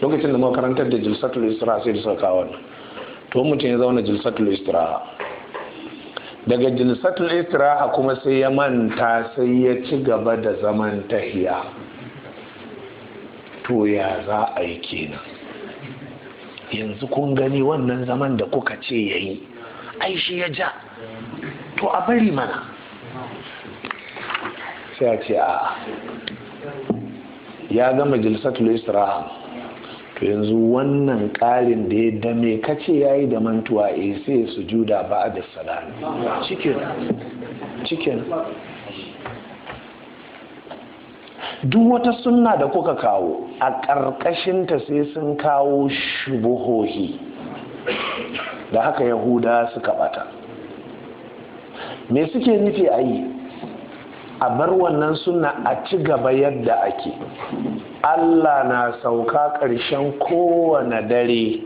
lokacin da makarantar da jilsatul istira sai da suka kawo to mutum ya zauna jilsatul istira daga jilsatul istira kuma sai ya manta sai ya ci gaba da zaman tahiya to ya za a yi kenan yanzu kun gani wannan zaman da kuka ce ya yi ai shi ya ja to a bari mana sai a ce a ya gama jilsatul istiraham to yanzu wannan ƙarin da ya dame kace yayi da mantuwa eh sai juda ba da salami cikin duk wata sunna da kuka kawo a ƙarƙashinta sai sun kawo shubuhohi da haka yahuda suka bata me suke nufi a yi a bar wannan sunna a ci gaba yadda ake allah na sauka ƙarshen kowane dare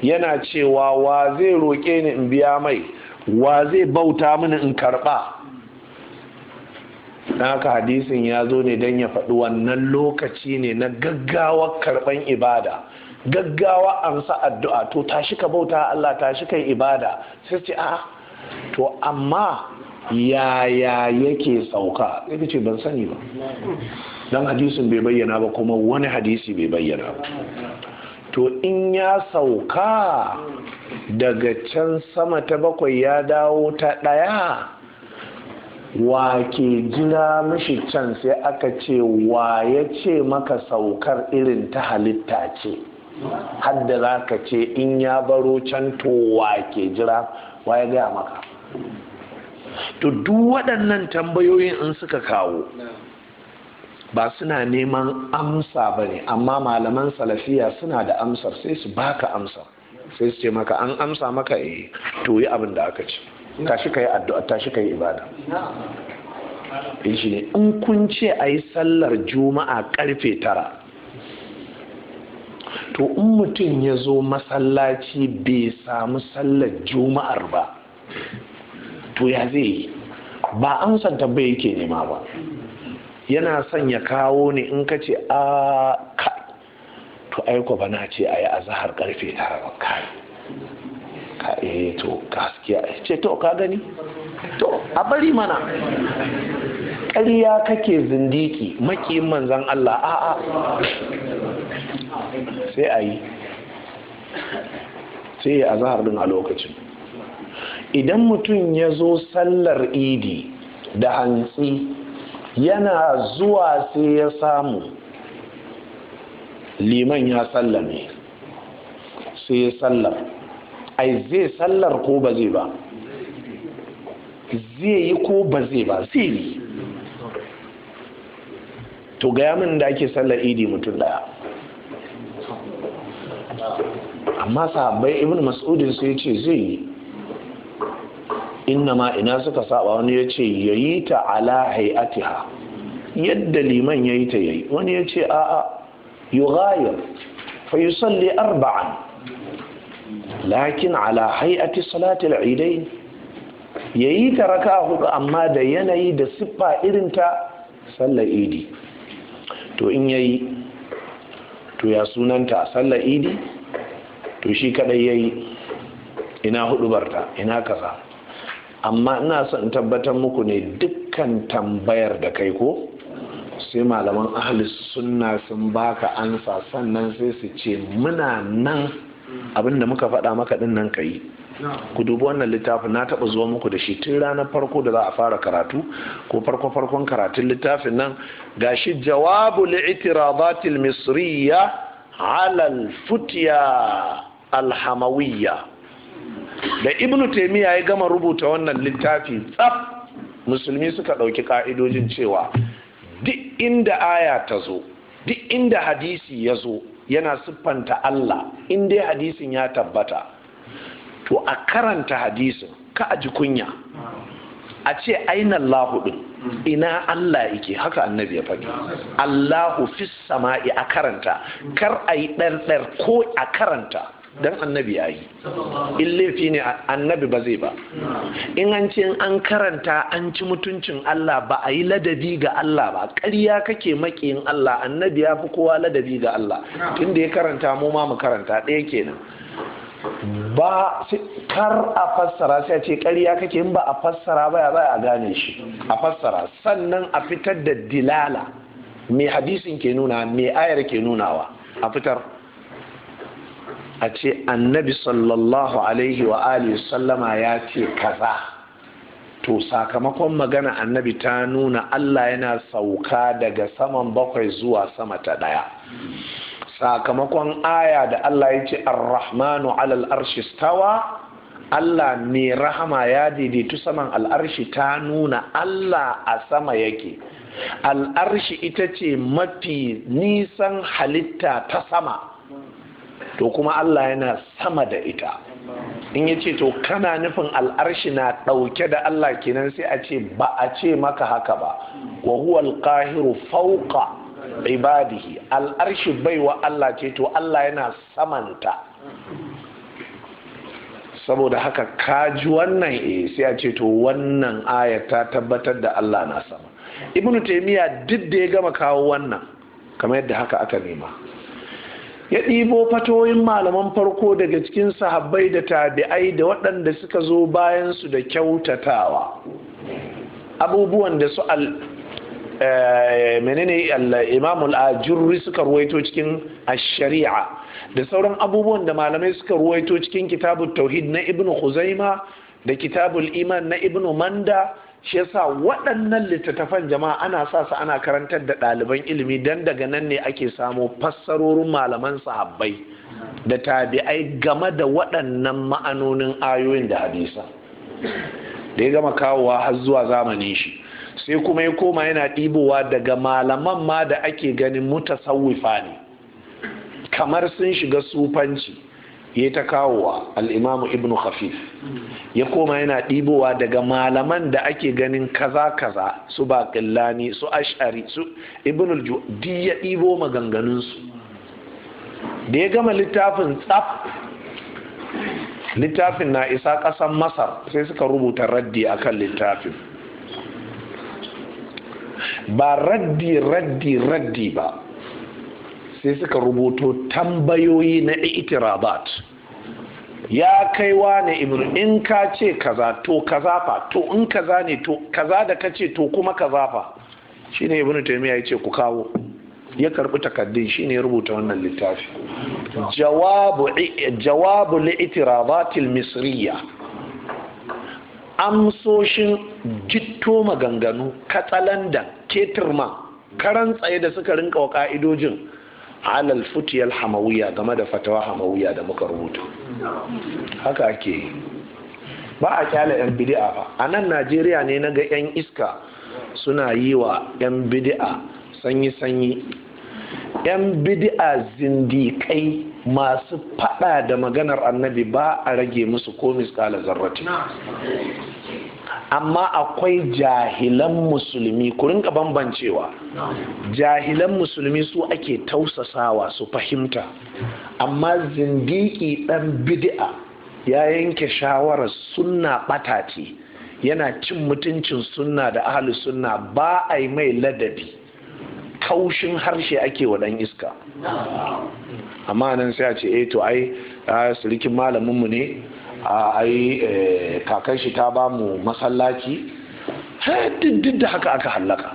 yana cewa wa zai roƙe ni in biya mai wa zai bauta mini in karɓa na haka hadisin ya zo ne don ya faɗi wannan lokaci ne na gaggawa karɓan ibada gaggawa amsa addu'a to tashi ka bauta Allah tashi kai ibada sai ce a to amma yaya yake sauka sai ce ban sani ba dan hadisin bai bayyana ba kuma wani hadisi bai bayyana ba to in ya sauka daga can sama ta bakwai ya dawo ta ɗaya wa ke jira mashi can sai aka ce wa ya ce maka saukar irin ta halitta ce hadda za ka ce in ya baro can to wa ke jira wa ya gaya maka to duk waɗannan tambayoyin in suka kawo ba suna neman amsa ba ne amma malaman salafiya suna da amsar sai su baka amsa sai su ce maka an amsa maka eh to yi abin da aka ce tashi ka yi addu'a tashi ka yi ibada shi ne in kun ce a yi sallar juma'a karfe tara to in mutum ya zo masallaci bai samu sallar juma'ar ba to ya zai yi ba an san bai yake nema ba yana son ya kawo ne in ka ce a ka to aiko ba na ce a yi a zahar karfe tara ba kai ka eh to gaskiya ce to ka gani to a bari mana ƙarya kake zindiki maki manzan Allah a'a sai a yi sai a zahar din a lokacin idan mutum ya zo sallar idi da hantsi yana zuwa sai ya samu liman ya sallame sai ya sallar ai zai sallar ko ba zai ba zai yi ko ba zai ba zai yi to gaya min da ake sallar idi mutum daya amma sahabbai ibn mas'udin sai ya ce zai yi inna ma ina suka saba wani ya ce ya yi ta ala hai'atiha yadda liman ya yi ta yayi wani ya ce a'a yughayir fa yusalli arba'an lakin ala hay'ati salatil idain yayi ta hudu amma da yanayi da siffa irin ta sallar idi to in yayi to ya sunanta sallar idi to shi kadai yayi ina hudu barta ina kaza amma ina son tabbatar muku ne dukkan tambayar da kai ko sai malaman ahli sunna sun baka ansa sannan sai su ce muna nan abin da muka faɗa maka ɗin nan kai ku dubi wannan littafin na taɓa zuwa muku da shi tun ranar farko da za a fara karatu ko farko farkon karatun littafin nan gashi jawabu li'tiradatil misriya ala al-futya al da ibnu taymiya ya gama rubuta wannan littafi tsaf musulmi suka ɗauki ka'idojin cewa duk inda aya ta zo duk inda hadisi ya zo yana siffanta Allah in dai hadisin ya tabbata to a karanta hadisin ka a ji kunya a ce aina Allahu din ina Allah yake haka annabi ya faɗi Allahu fis sama'i a karanta kar a yi ɗarɗar ko a karanta dan annabi ya yi in laifi ne annabi ba zai ba in an ce an karanta an ci mutuncin Allah ba a yi ladabi ga Allah ba ƙarya kake makiyin Allah annabi ya fi kowa ladabi ga Allah tunda ya karanta mu ma mu karanta ɗaya kenan ba kar a fassara sai a ce ƙarya kake in ba a fassara ba ya za a gane shi a fassara sannan a fitar da dilala mai hadisin ke nuna mai ayar ke nunawa a fitar a ce annabi sallallahu alaihi wa alihi sallama ya ce kaza to sakamakon magana annabi ta nuna Allah yana sauka daga saman bakwai zuwa sama ta ɗaya sakamakon aya da Allah ya ce arrahmanu alal arshi stawa Allah mai rahama ya daidaitu saman al'arshi ta nuna Allah a sama yake al'arshi ita ce mafi nisan halitta ta sama to kuma Allah yana sama da ita in ya ce to kana nufin al'arshi na ɗauke da Allah kenan sai a ce ba a ce maka haka ba wa huwa qahiru fawqa ibadihi al'arshi baiwa Allah ce to Allah yana samanta saboda haka kaji wannan eh sai a ce to wannan aya ta tabbatar da Allah na sama ibnu taymiya duk da ya gama kawo wannan kamar yadda haka aka nema ya ɗibo fatoyin malaman farko daga cikin sahabbai da tabi'ai da waɗanda suka zo bayan su da kyautatawa abubuwan da su al eh, menene imamul ajurri suka ruwaito cikin ash-shari'a da sauran abubuwan da malamai suka ruwaito cikin kitabun tauhid na ibnu khuzaima da kitabul iman na ibnu manda shi yasa waɗannan littattafan jama'a ana sa su ana karantar da ɗaliban ilimi don daga nan ne ake samo fassarorin malaman sahabbai da tabi'ai game da waɗannan ma'anonin ayoyin da hadisa da ya gama kawowa har zuwa zamanin shi sai kuma ya koma yana ɗibowa daga malaman ma da ake ganin mutasawwifa ne kamar sun shiga sufanci ya ta kawowa al'imamu ibn khafif ya koma yana ɗibowa daga malaman da ake ganin kaza-kaza su baƙillani su ashari su ibn al ya ɗibo maganganunsu da ya gama littafin tsaf littafin na isa ƙasan masar sai suka rubuta raddi a kan littafin ba raddi raddi raddi ba sai suka rubuto tambayoyi na itirabat ya kaiwa ne imru in ka ce kaza to kaza fa to in kaza ne to kaza da ka ce to kuma kaza fa shine ibnu taymiya yace ku kawo ya karbi takaddun shine ya rubuta wannan littafi jawabu jawabu li itirabatil misriya amsoshin jitto maganganu katsalandan ketirma karan tsaye da suka rinka wa ka'idojin alal futiyar hamawiya game da fatawa hamawiya da muka rubuta haka ake yi ba a kyala 'yan bidi'a ba a nan najeriya ne na ga 'yan iska suna yi wa 'yan bidi'a sanyi-sanyi 'yan bidi'a zindikai masu fada da maganar annabi ba a rage musu ko kala zarrati amma akwai jahilan musulmi ku rinka bambancewa jahilan musulmi su ake tausasawa su fahimta amma zindiki dan bid'a ya yanke shawarar sunna batati yana cin mutuncin sunna da ahli sunna ba a yi mai ladabi kaushin harshe ake wa dan iska amma nan sai a ce eh to ai ah, sirikin malaminmu ne a ai eh, kakan shi ta ba mu masallaci duk da haka aka hallaka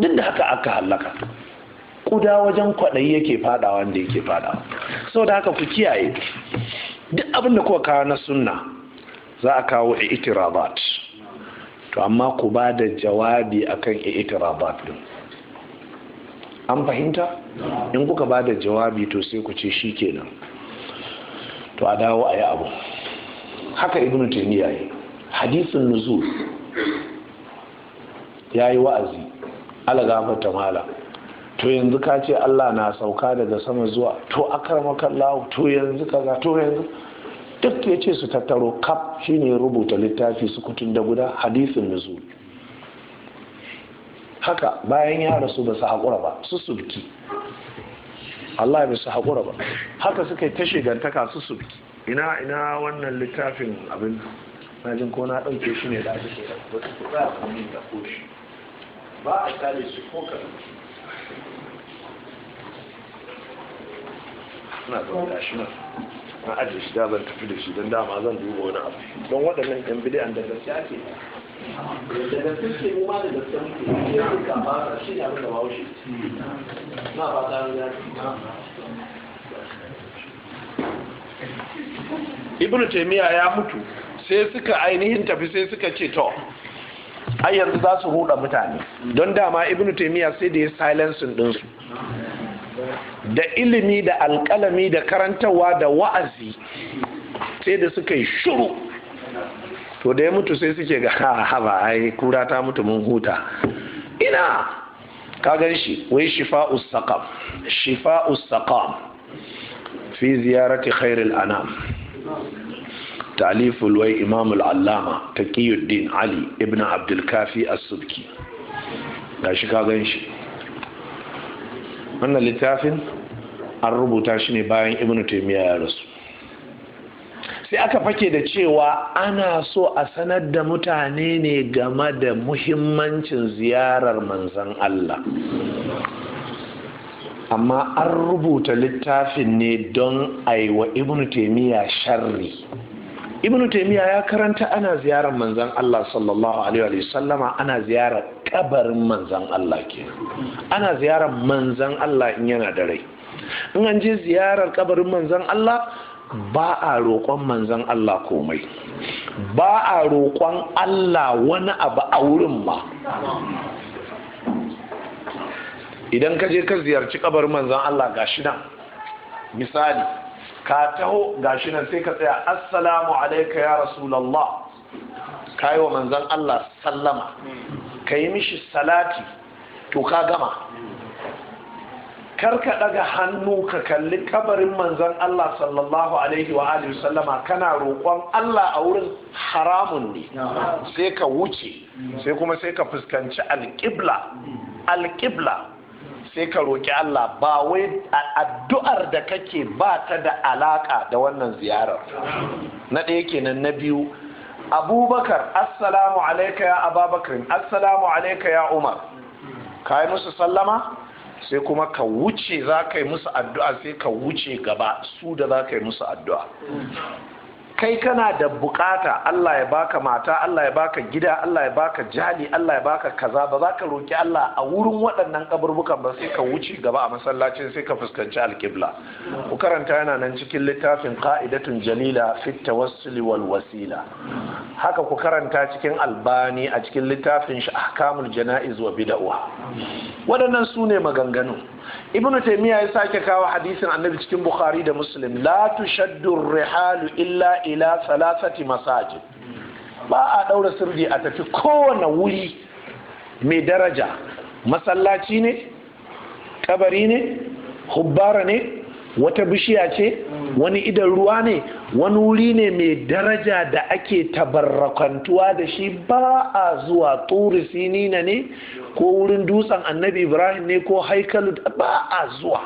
duk da haka aka hallaka kuda wajen kwaɗayi yake fada wanda yake fada sau da haka ku kiyaye duk abin da kuka kawo na sunna za a kawo itirabat to amma ku ba da jawabi akan itirabat din an fahimta in kuka ba da jawabi to sai ku ce shi kenan to a dawo a yi abu haka Ibn taymiya yi hadisin nuzul ya yi wa'azi ala gafarta mala to yanzu ka ce Allah na sauka daga sama zuwa to akarmakan lahu to yanzu kaza to yanzu duk ya ce su tattaro kaf shine rubuta littafi su sukutun da guda hadisin nuzul haka bayan ya rasu ba su haƙura ba su sulki Allah bai su haƙura ba haka suka yi ta shigantaka su su ina ina wannan littafin abin na jin ko na ɗauke shi ne da ake wata ku ba a kami da koshi ba a kare su ko ka na da shi na ajiye shi da ban tafi da shi don dama zan duba wani abu don waɗannan yan bidiyan da gaskiya ke daga gaske mu ma da gaske muke ya ba shi ne abin da bawo shi na ba ta ya ibnu taymiya ya mutu sai suka ainihin tafi sai suka ce to ai yanzu za su huda mutane don dama ibnu taimiyya sai da ya silensin din su da ilimi da alƙalami, da karantarwa da wa'azi sai da suka yi shuru to da ya mutu sai suke ga haba ai kura ta mutu mun huta ina ka gan shi wai shifa saqam shifa saqam fi ziyarati khairil anam ta'lif wai imam al-allama taqiyuddin ali ibn Abdulkafi Asubki. as-subki gashi ka gan shi wannan littafin an rubuta shi ne bayan ibn taymiya ya rasu sai aka fake da cewa ana so a sanar da mutane ne game da muhimmancin ziyarar manzan Allah amma an rubuta littafin ne don aiwa ibnu taimiyya sharri ibnu taimiyya ya karanta ana ziyarar manzan Allah sallallahu alaihi wa ana ziyarar kabarin manzan Allah ke ana ziyarar manzan Allah in yana da rai in an je ziyarar kabarin manzan Allah ba a roƙon manzan Allah komai ba a roƙon Allah wani abu a wurin ma idan ka je ka ziyarci kabar manzan Allah gashi nan misali ka taho gashi nan sai ka tsaya assalamu alaika ya rasulallah ka yi wa manzan Allah sallama ka yi mishi salati to ka gama karka daga hannu ka kalli kabarin manzon Allah sallallahu alaihi wa alihi sallama kana roƙon Allah a wurin haramun ne sai ka wuce sai kuma sai ka fuskanci alƙibla alƙibla sai ka roƙi Allah ba wai addu'ar da kake ba ta da alaƙa da wannan ziyarar na ɗaya kenan na biyu abubakar assalamu alaika ya ababakar assalamu alaika ya umar ka yi musu sallama sai kuma ka wuce za ka yi musu addu'a sai ka wuce gaba su da za ka yi musu addu'a kai kana da bukata Allah ya baka mata Allah ya baka gida Allah ya baka jali Allah ya baka kaza ba za ka roki Allah a wurin waɗannan kaburbukan ba sai ka wuce gaba a masallacin sai ka fuskanci alkibla ku karanta yana nan cikin littafin qa'idatun jalila fit tawassul wal wasila haka ku karanta cikin albani a cikin littafin shi ahkamul janaiz wa bid'ah waɗannan su ne maganganu ibnu taymiya ya sake kawo hadisin annabi cikin bukhari da muslim la tushaddu rihalu illa ila salasati masajid ba a ɗaura sirri a tafi kowane wuri mai daraja masallaci ne kabari ne hubbara ne wata bishiya ce wani idan ruwa ne wani wuri ne mai daraja da ake tabarrakantuwa da shi ba a zuwa turi sinina ne ko wurin dutsen annabi ibrahim ne ko haikalu ba a zuwa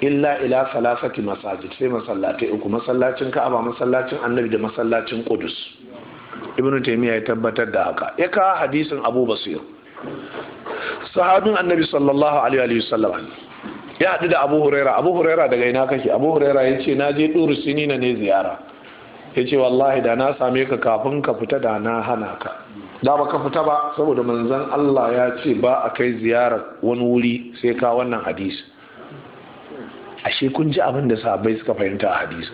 illa ila salasati masajid sai masallatai uku masallacin ka'aba masallacin annabi da masallacin qudus ibn taymiya ya tabbatar da haka ya kawo hadisin abu basir sahabin annabi sallallahu alaihi wa sallam ya haɗu da abu huraira abu huraira daga ina kake abu huraira ya ce na je ɗuru na ne ziyara ya ce wallahi da na same ka kafin ka fita da na hana ka da baka fita ba saboda manzon allah ya ce ba a kai ziyarar wani wuri sai ka wannan hadisi ashe kun ji abin da sahabbai suka fahimta a hadisi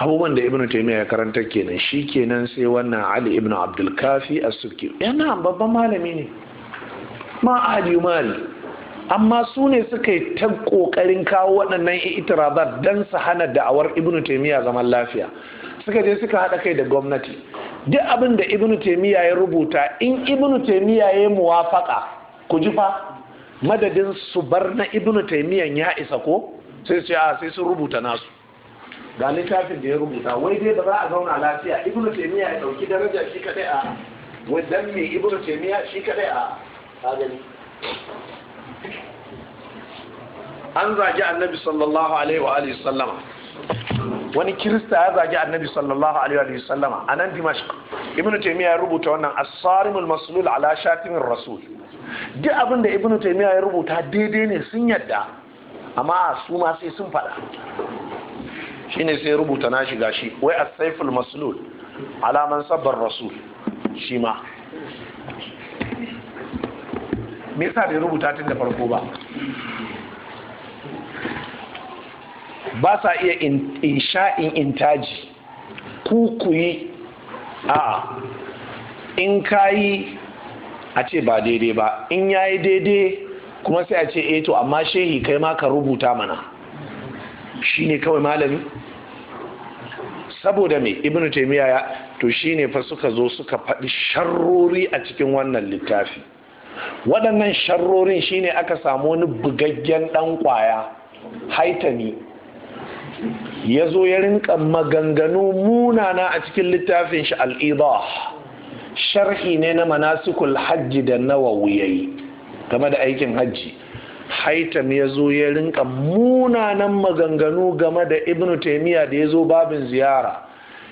abubuwan da ibnu taymiya ya karanta kenan shi kenan sai wannan ali ibnu abdul kafi as yana babban malami ne ma ali mali amma su ne suka yi ta kokarin kawo waɗannan itirazat dan su hana da'awar ibnu taymiya zaman lafiya suka je suka haɗa kai da gwamnati duk abin da ibnu taymiya ya rubuta in ibnu taymiya ya muwafaka ku ji fa madadin su bar na ibnu taymiyan ya isa ko sai su a ah, sai sun rubuta nasu ga littafin da ya rubuta wai dai ba za a zauna lafiya ibn taymiya ya dauki daraja shi kadai a wajen me ibn taymiya shi kadai a kagani an zagi annabi sallallahu alaihi wa alihi sallama wani kirista ya zagi annabi sallallahu alaihi wa sallama a nan dimashq ibn taymiya ya rubuta wannan as-sarimul maslul ala shatimin rasul duk abin da ibnu taymiya ya rubuta daidai ne sun yadda amma su ma sai sun faɗa ne sai rubuta na shiga shi wai a saiful maslul alaman sabbar rasul shi ma me yasa bai rubuta tun da farko ba ba sa iya insha'in intaji kukuyi a in kayi a ce ba daidai ba in yayi daidai kuma sai a ce eh to amma shehi kai ma ka rubuta mana shine kawai malami saboda me ibnu taymiya ya to shine fa suka zo suka faɗi sharrori a cikin wannan littafi waɗannan sharrorin shine aka samu wani bugaggen ɗan ƙwaya haitami ya zo ya rinka maganganu munana a cikin littafin shi al'idah sharhi ne na manasikul hajji da nawawiyayi game da aikin hajji haitam ya zo ya rinka munanan maganganu game da ibnu taimiyya da ya zo babin ziyara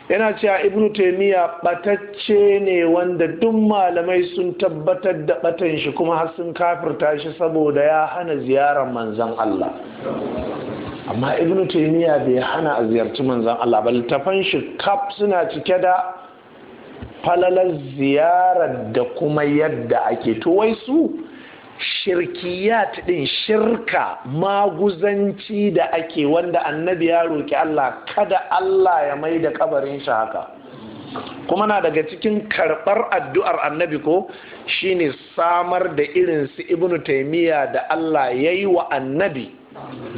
yana cewa ibnu taimiyya batacce ne wanda duk malamai sun tabbatar da batan shi kuma har sun kafirta shi saboda ya hana ziyarar manzan Allah amma ibnu taimiyya bai hana a ziyarci manzan Allah ba littafan shi kaf suna cike da falalar ziyarar da kuma yadda ake to wai su shirkiyat din shirka maguzanci da ake wanda annabi ya roki Allah kada Allah ya mai da kabarin shi haka kuma na daga cikin karɓar addu'ar annabi ko shine samar da irin su ibnu taimiyya da Allah ya yi wa annabi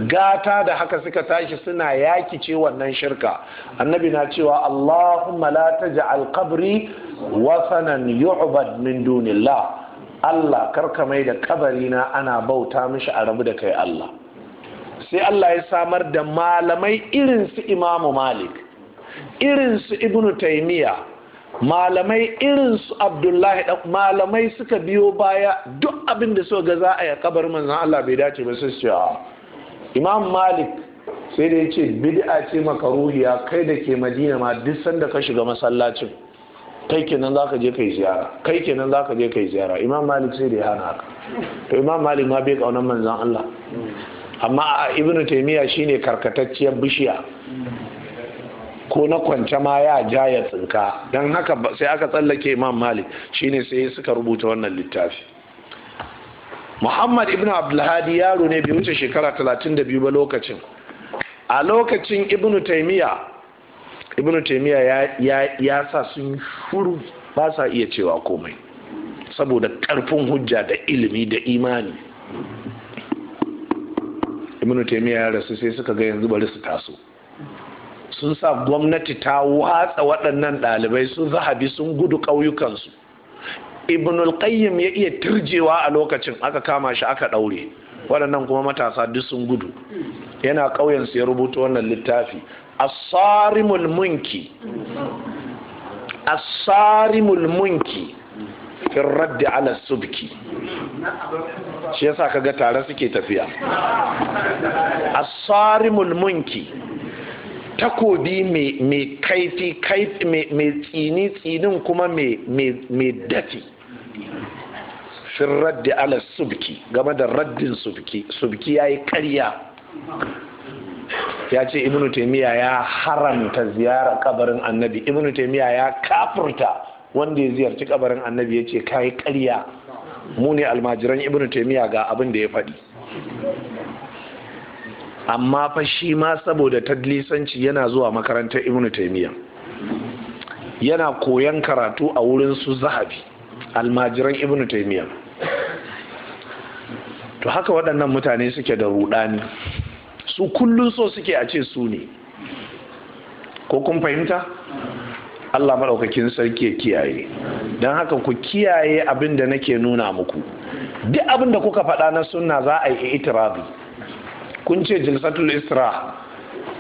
gata da haka suka tashi suna yaki ce wannan shirka annabi na cewa Allahumma la taj'al qabri wasanan yu'bad min dunillah Allah karka mai da kabarina ana bauta mishi a rabu da kai Allah sai Allah ya samar da malamai irin su Imamu Malik irin su Ibn Taymiya malamai irin su Abdullahi malamai suka biyo baya duk abin da suka ga za a yi kabar manzon Allah bai dace ba sai cewa Imam Malik sai da ya ce bid'a ce makaruhiya kai da ke Madina ma duk sanda ka shiga masallacin kai kenan za ka je kai ziyara kai kenan za ka je kai ziyara imam malik sai da ya hana haka to imam malik ma bai kaunar manzan allah amma a Ibn taimiyya shine karkatacciyar bishiya ko na kwance ma ya ja ya tsinka don haka sai aka tsallake imam malik shine sai suka rubuta wannan littafi muhammad ibn abdulhadi yaro ne bai wuce shekara 32 ba lokacin a lokacin Ibn taimiyya ibn taimiyya ya sa sun shuru ba sa iya cewa komai saboda karfin hujja da ilimi da imani ibn taimiyya ya rasu sai suka ga yanzu bari su taso sun sa gwamnati ta watsa waɗannan ɗalibai sun zahabi sun gudu ƙauyukansu ibn qayyim ya iya turjewa a lokacin aka kama shi aka ɗaure waɗannan kuma matasa duk sun gudu yana ƙauyensu ya rubuta wannan littafi asarimul munki asarimul munki fin raddi ala subki shi yasa kaga tare suke tafiya asarimul munki takobi mai kaifi mai tsini tsinin kuma mai dafi fin raddi ala subki game da raddin subki subki ya yi karya ya ce ibnu taimiyya ya haramta ziyarar kabarin annabi ibnu taimiyya ya kafurta wanda ya ziyarci kabarin annabi ya ce kayi karya mu ne almajiran ibnu taimiyya ga abin da ya faɗi amma fa shi ma saboda tadlisanci yana zuwa makarantar ibnu taimiyya yana koyan karatu a wurin su zahabi almajiran ibnu taimiyya to haka waɗannan mutane suke da rudani su kullun so suke a ce su ne ko kun fahimta Allah maɗaukakin sarki ya kiyaye don haka ku kiyaye abin da nake nuna muku duk abin da kuka faɗa na sunna za a yi itirabi kun ce jilsatul isra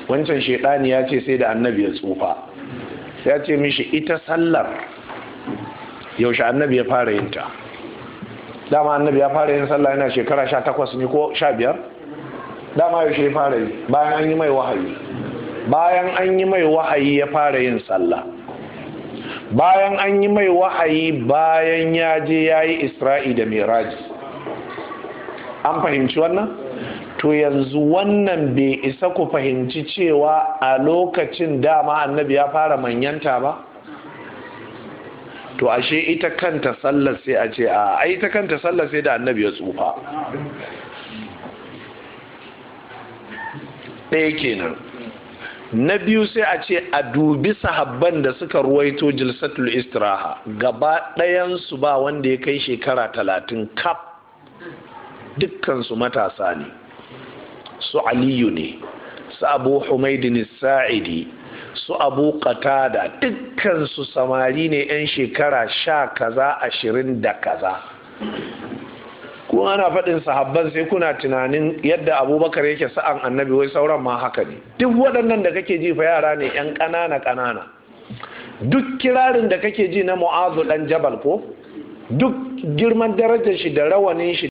wancan shaidani ya ce sai da annabi ya tsufa ya ce mishi ita sallar yaushe annabi ya fara yinta? dama annabi ya fara yin sallah yana shekara sha takwas ne ko sha biyar? dama yaushe ya fara yi bayan an yi mai wahayi bayan an yi mai wahayi ya fara yin sallah bayan an yi mai wahayi bayan ya je ya yi isra'i da miraji an fahimci wannan to yanzu wannan bai isa ku fahimci cewa a lokacin dama annabi ya fara manyanta ba to ashe ita kanta sallar sai a ce a ita kanta sallar sai da annabi ya tsufa ɗaya kenan na biyu sai a ce a dubi sahabban da suka ruwaito jilsatul istiraha gaba su ba wanda ya kai shekara talatin kaf dukkansu matasa ne su aliyu ne su abu humaidin sa'idi su abu qatada dukkansu samari ne 'yan shekara sha kaza ashirin da kaza ku ana faɗin sahabban sai kuna tunanin yadda abubakar yake sa'an annabi wai sauran ma haka ne duk waɗannan da kake ji fa yara ne yan ƙanana ƙanana duk kirarin da kake ji na mu'azu ɗan jabal ko duk girman darajar shi da rawanin shi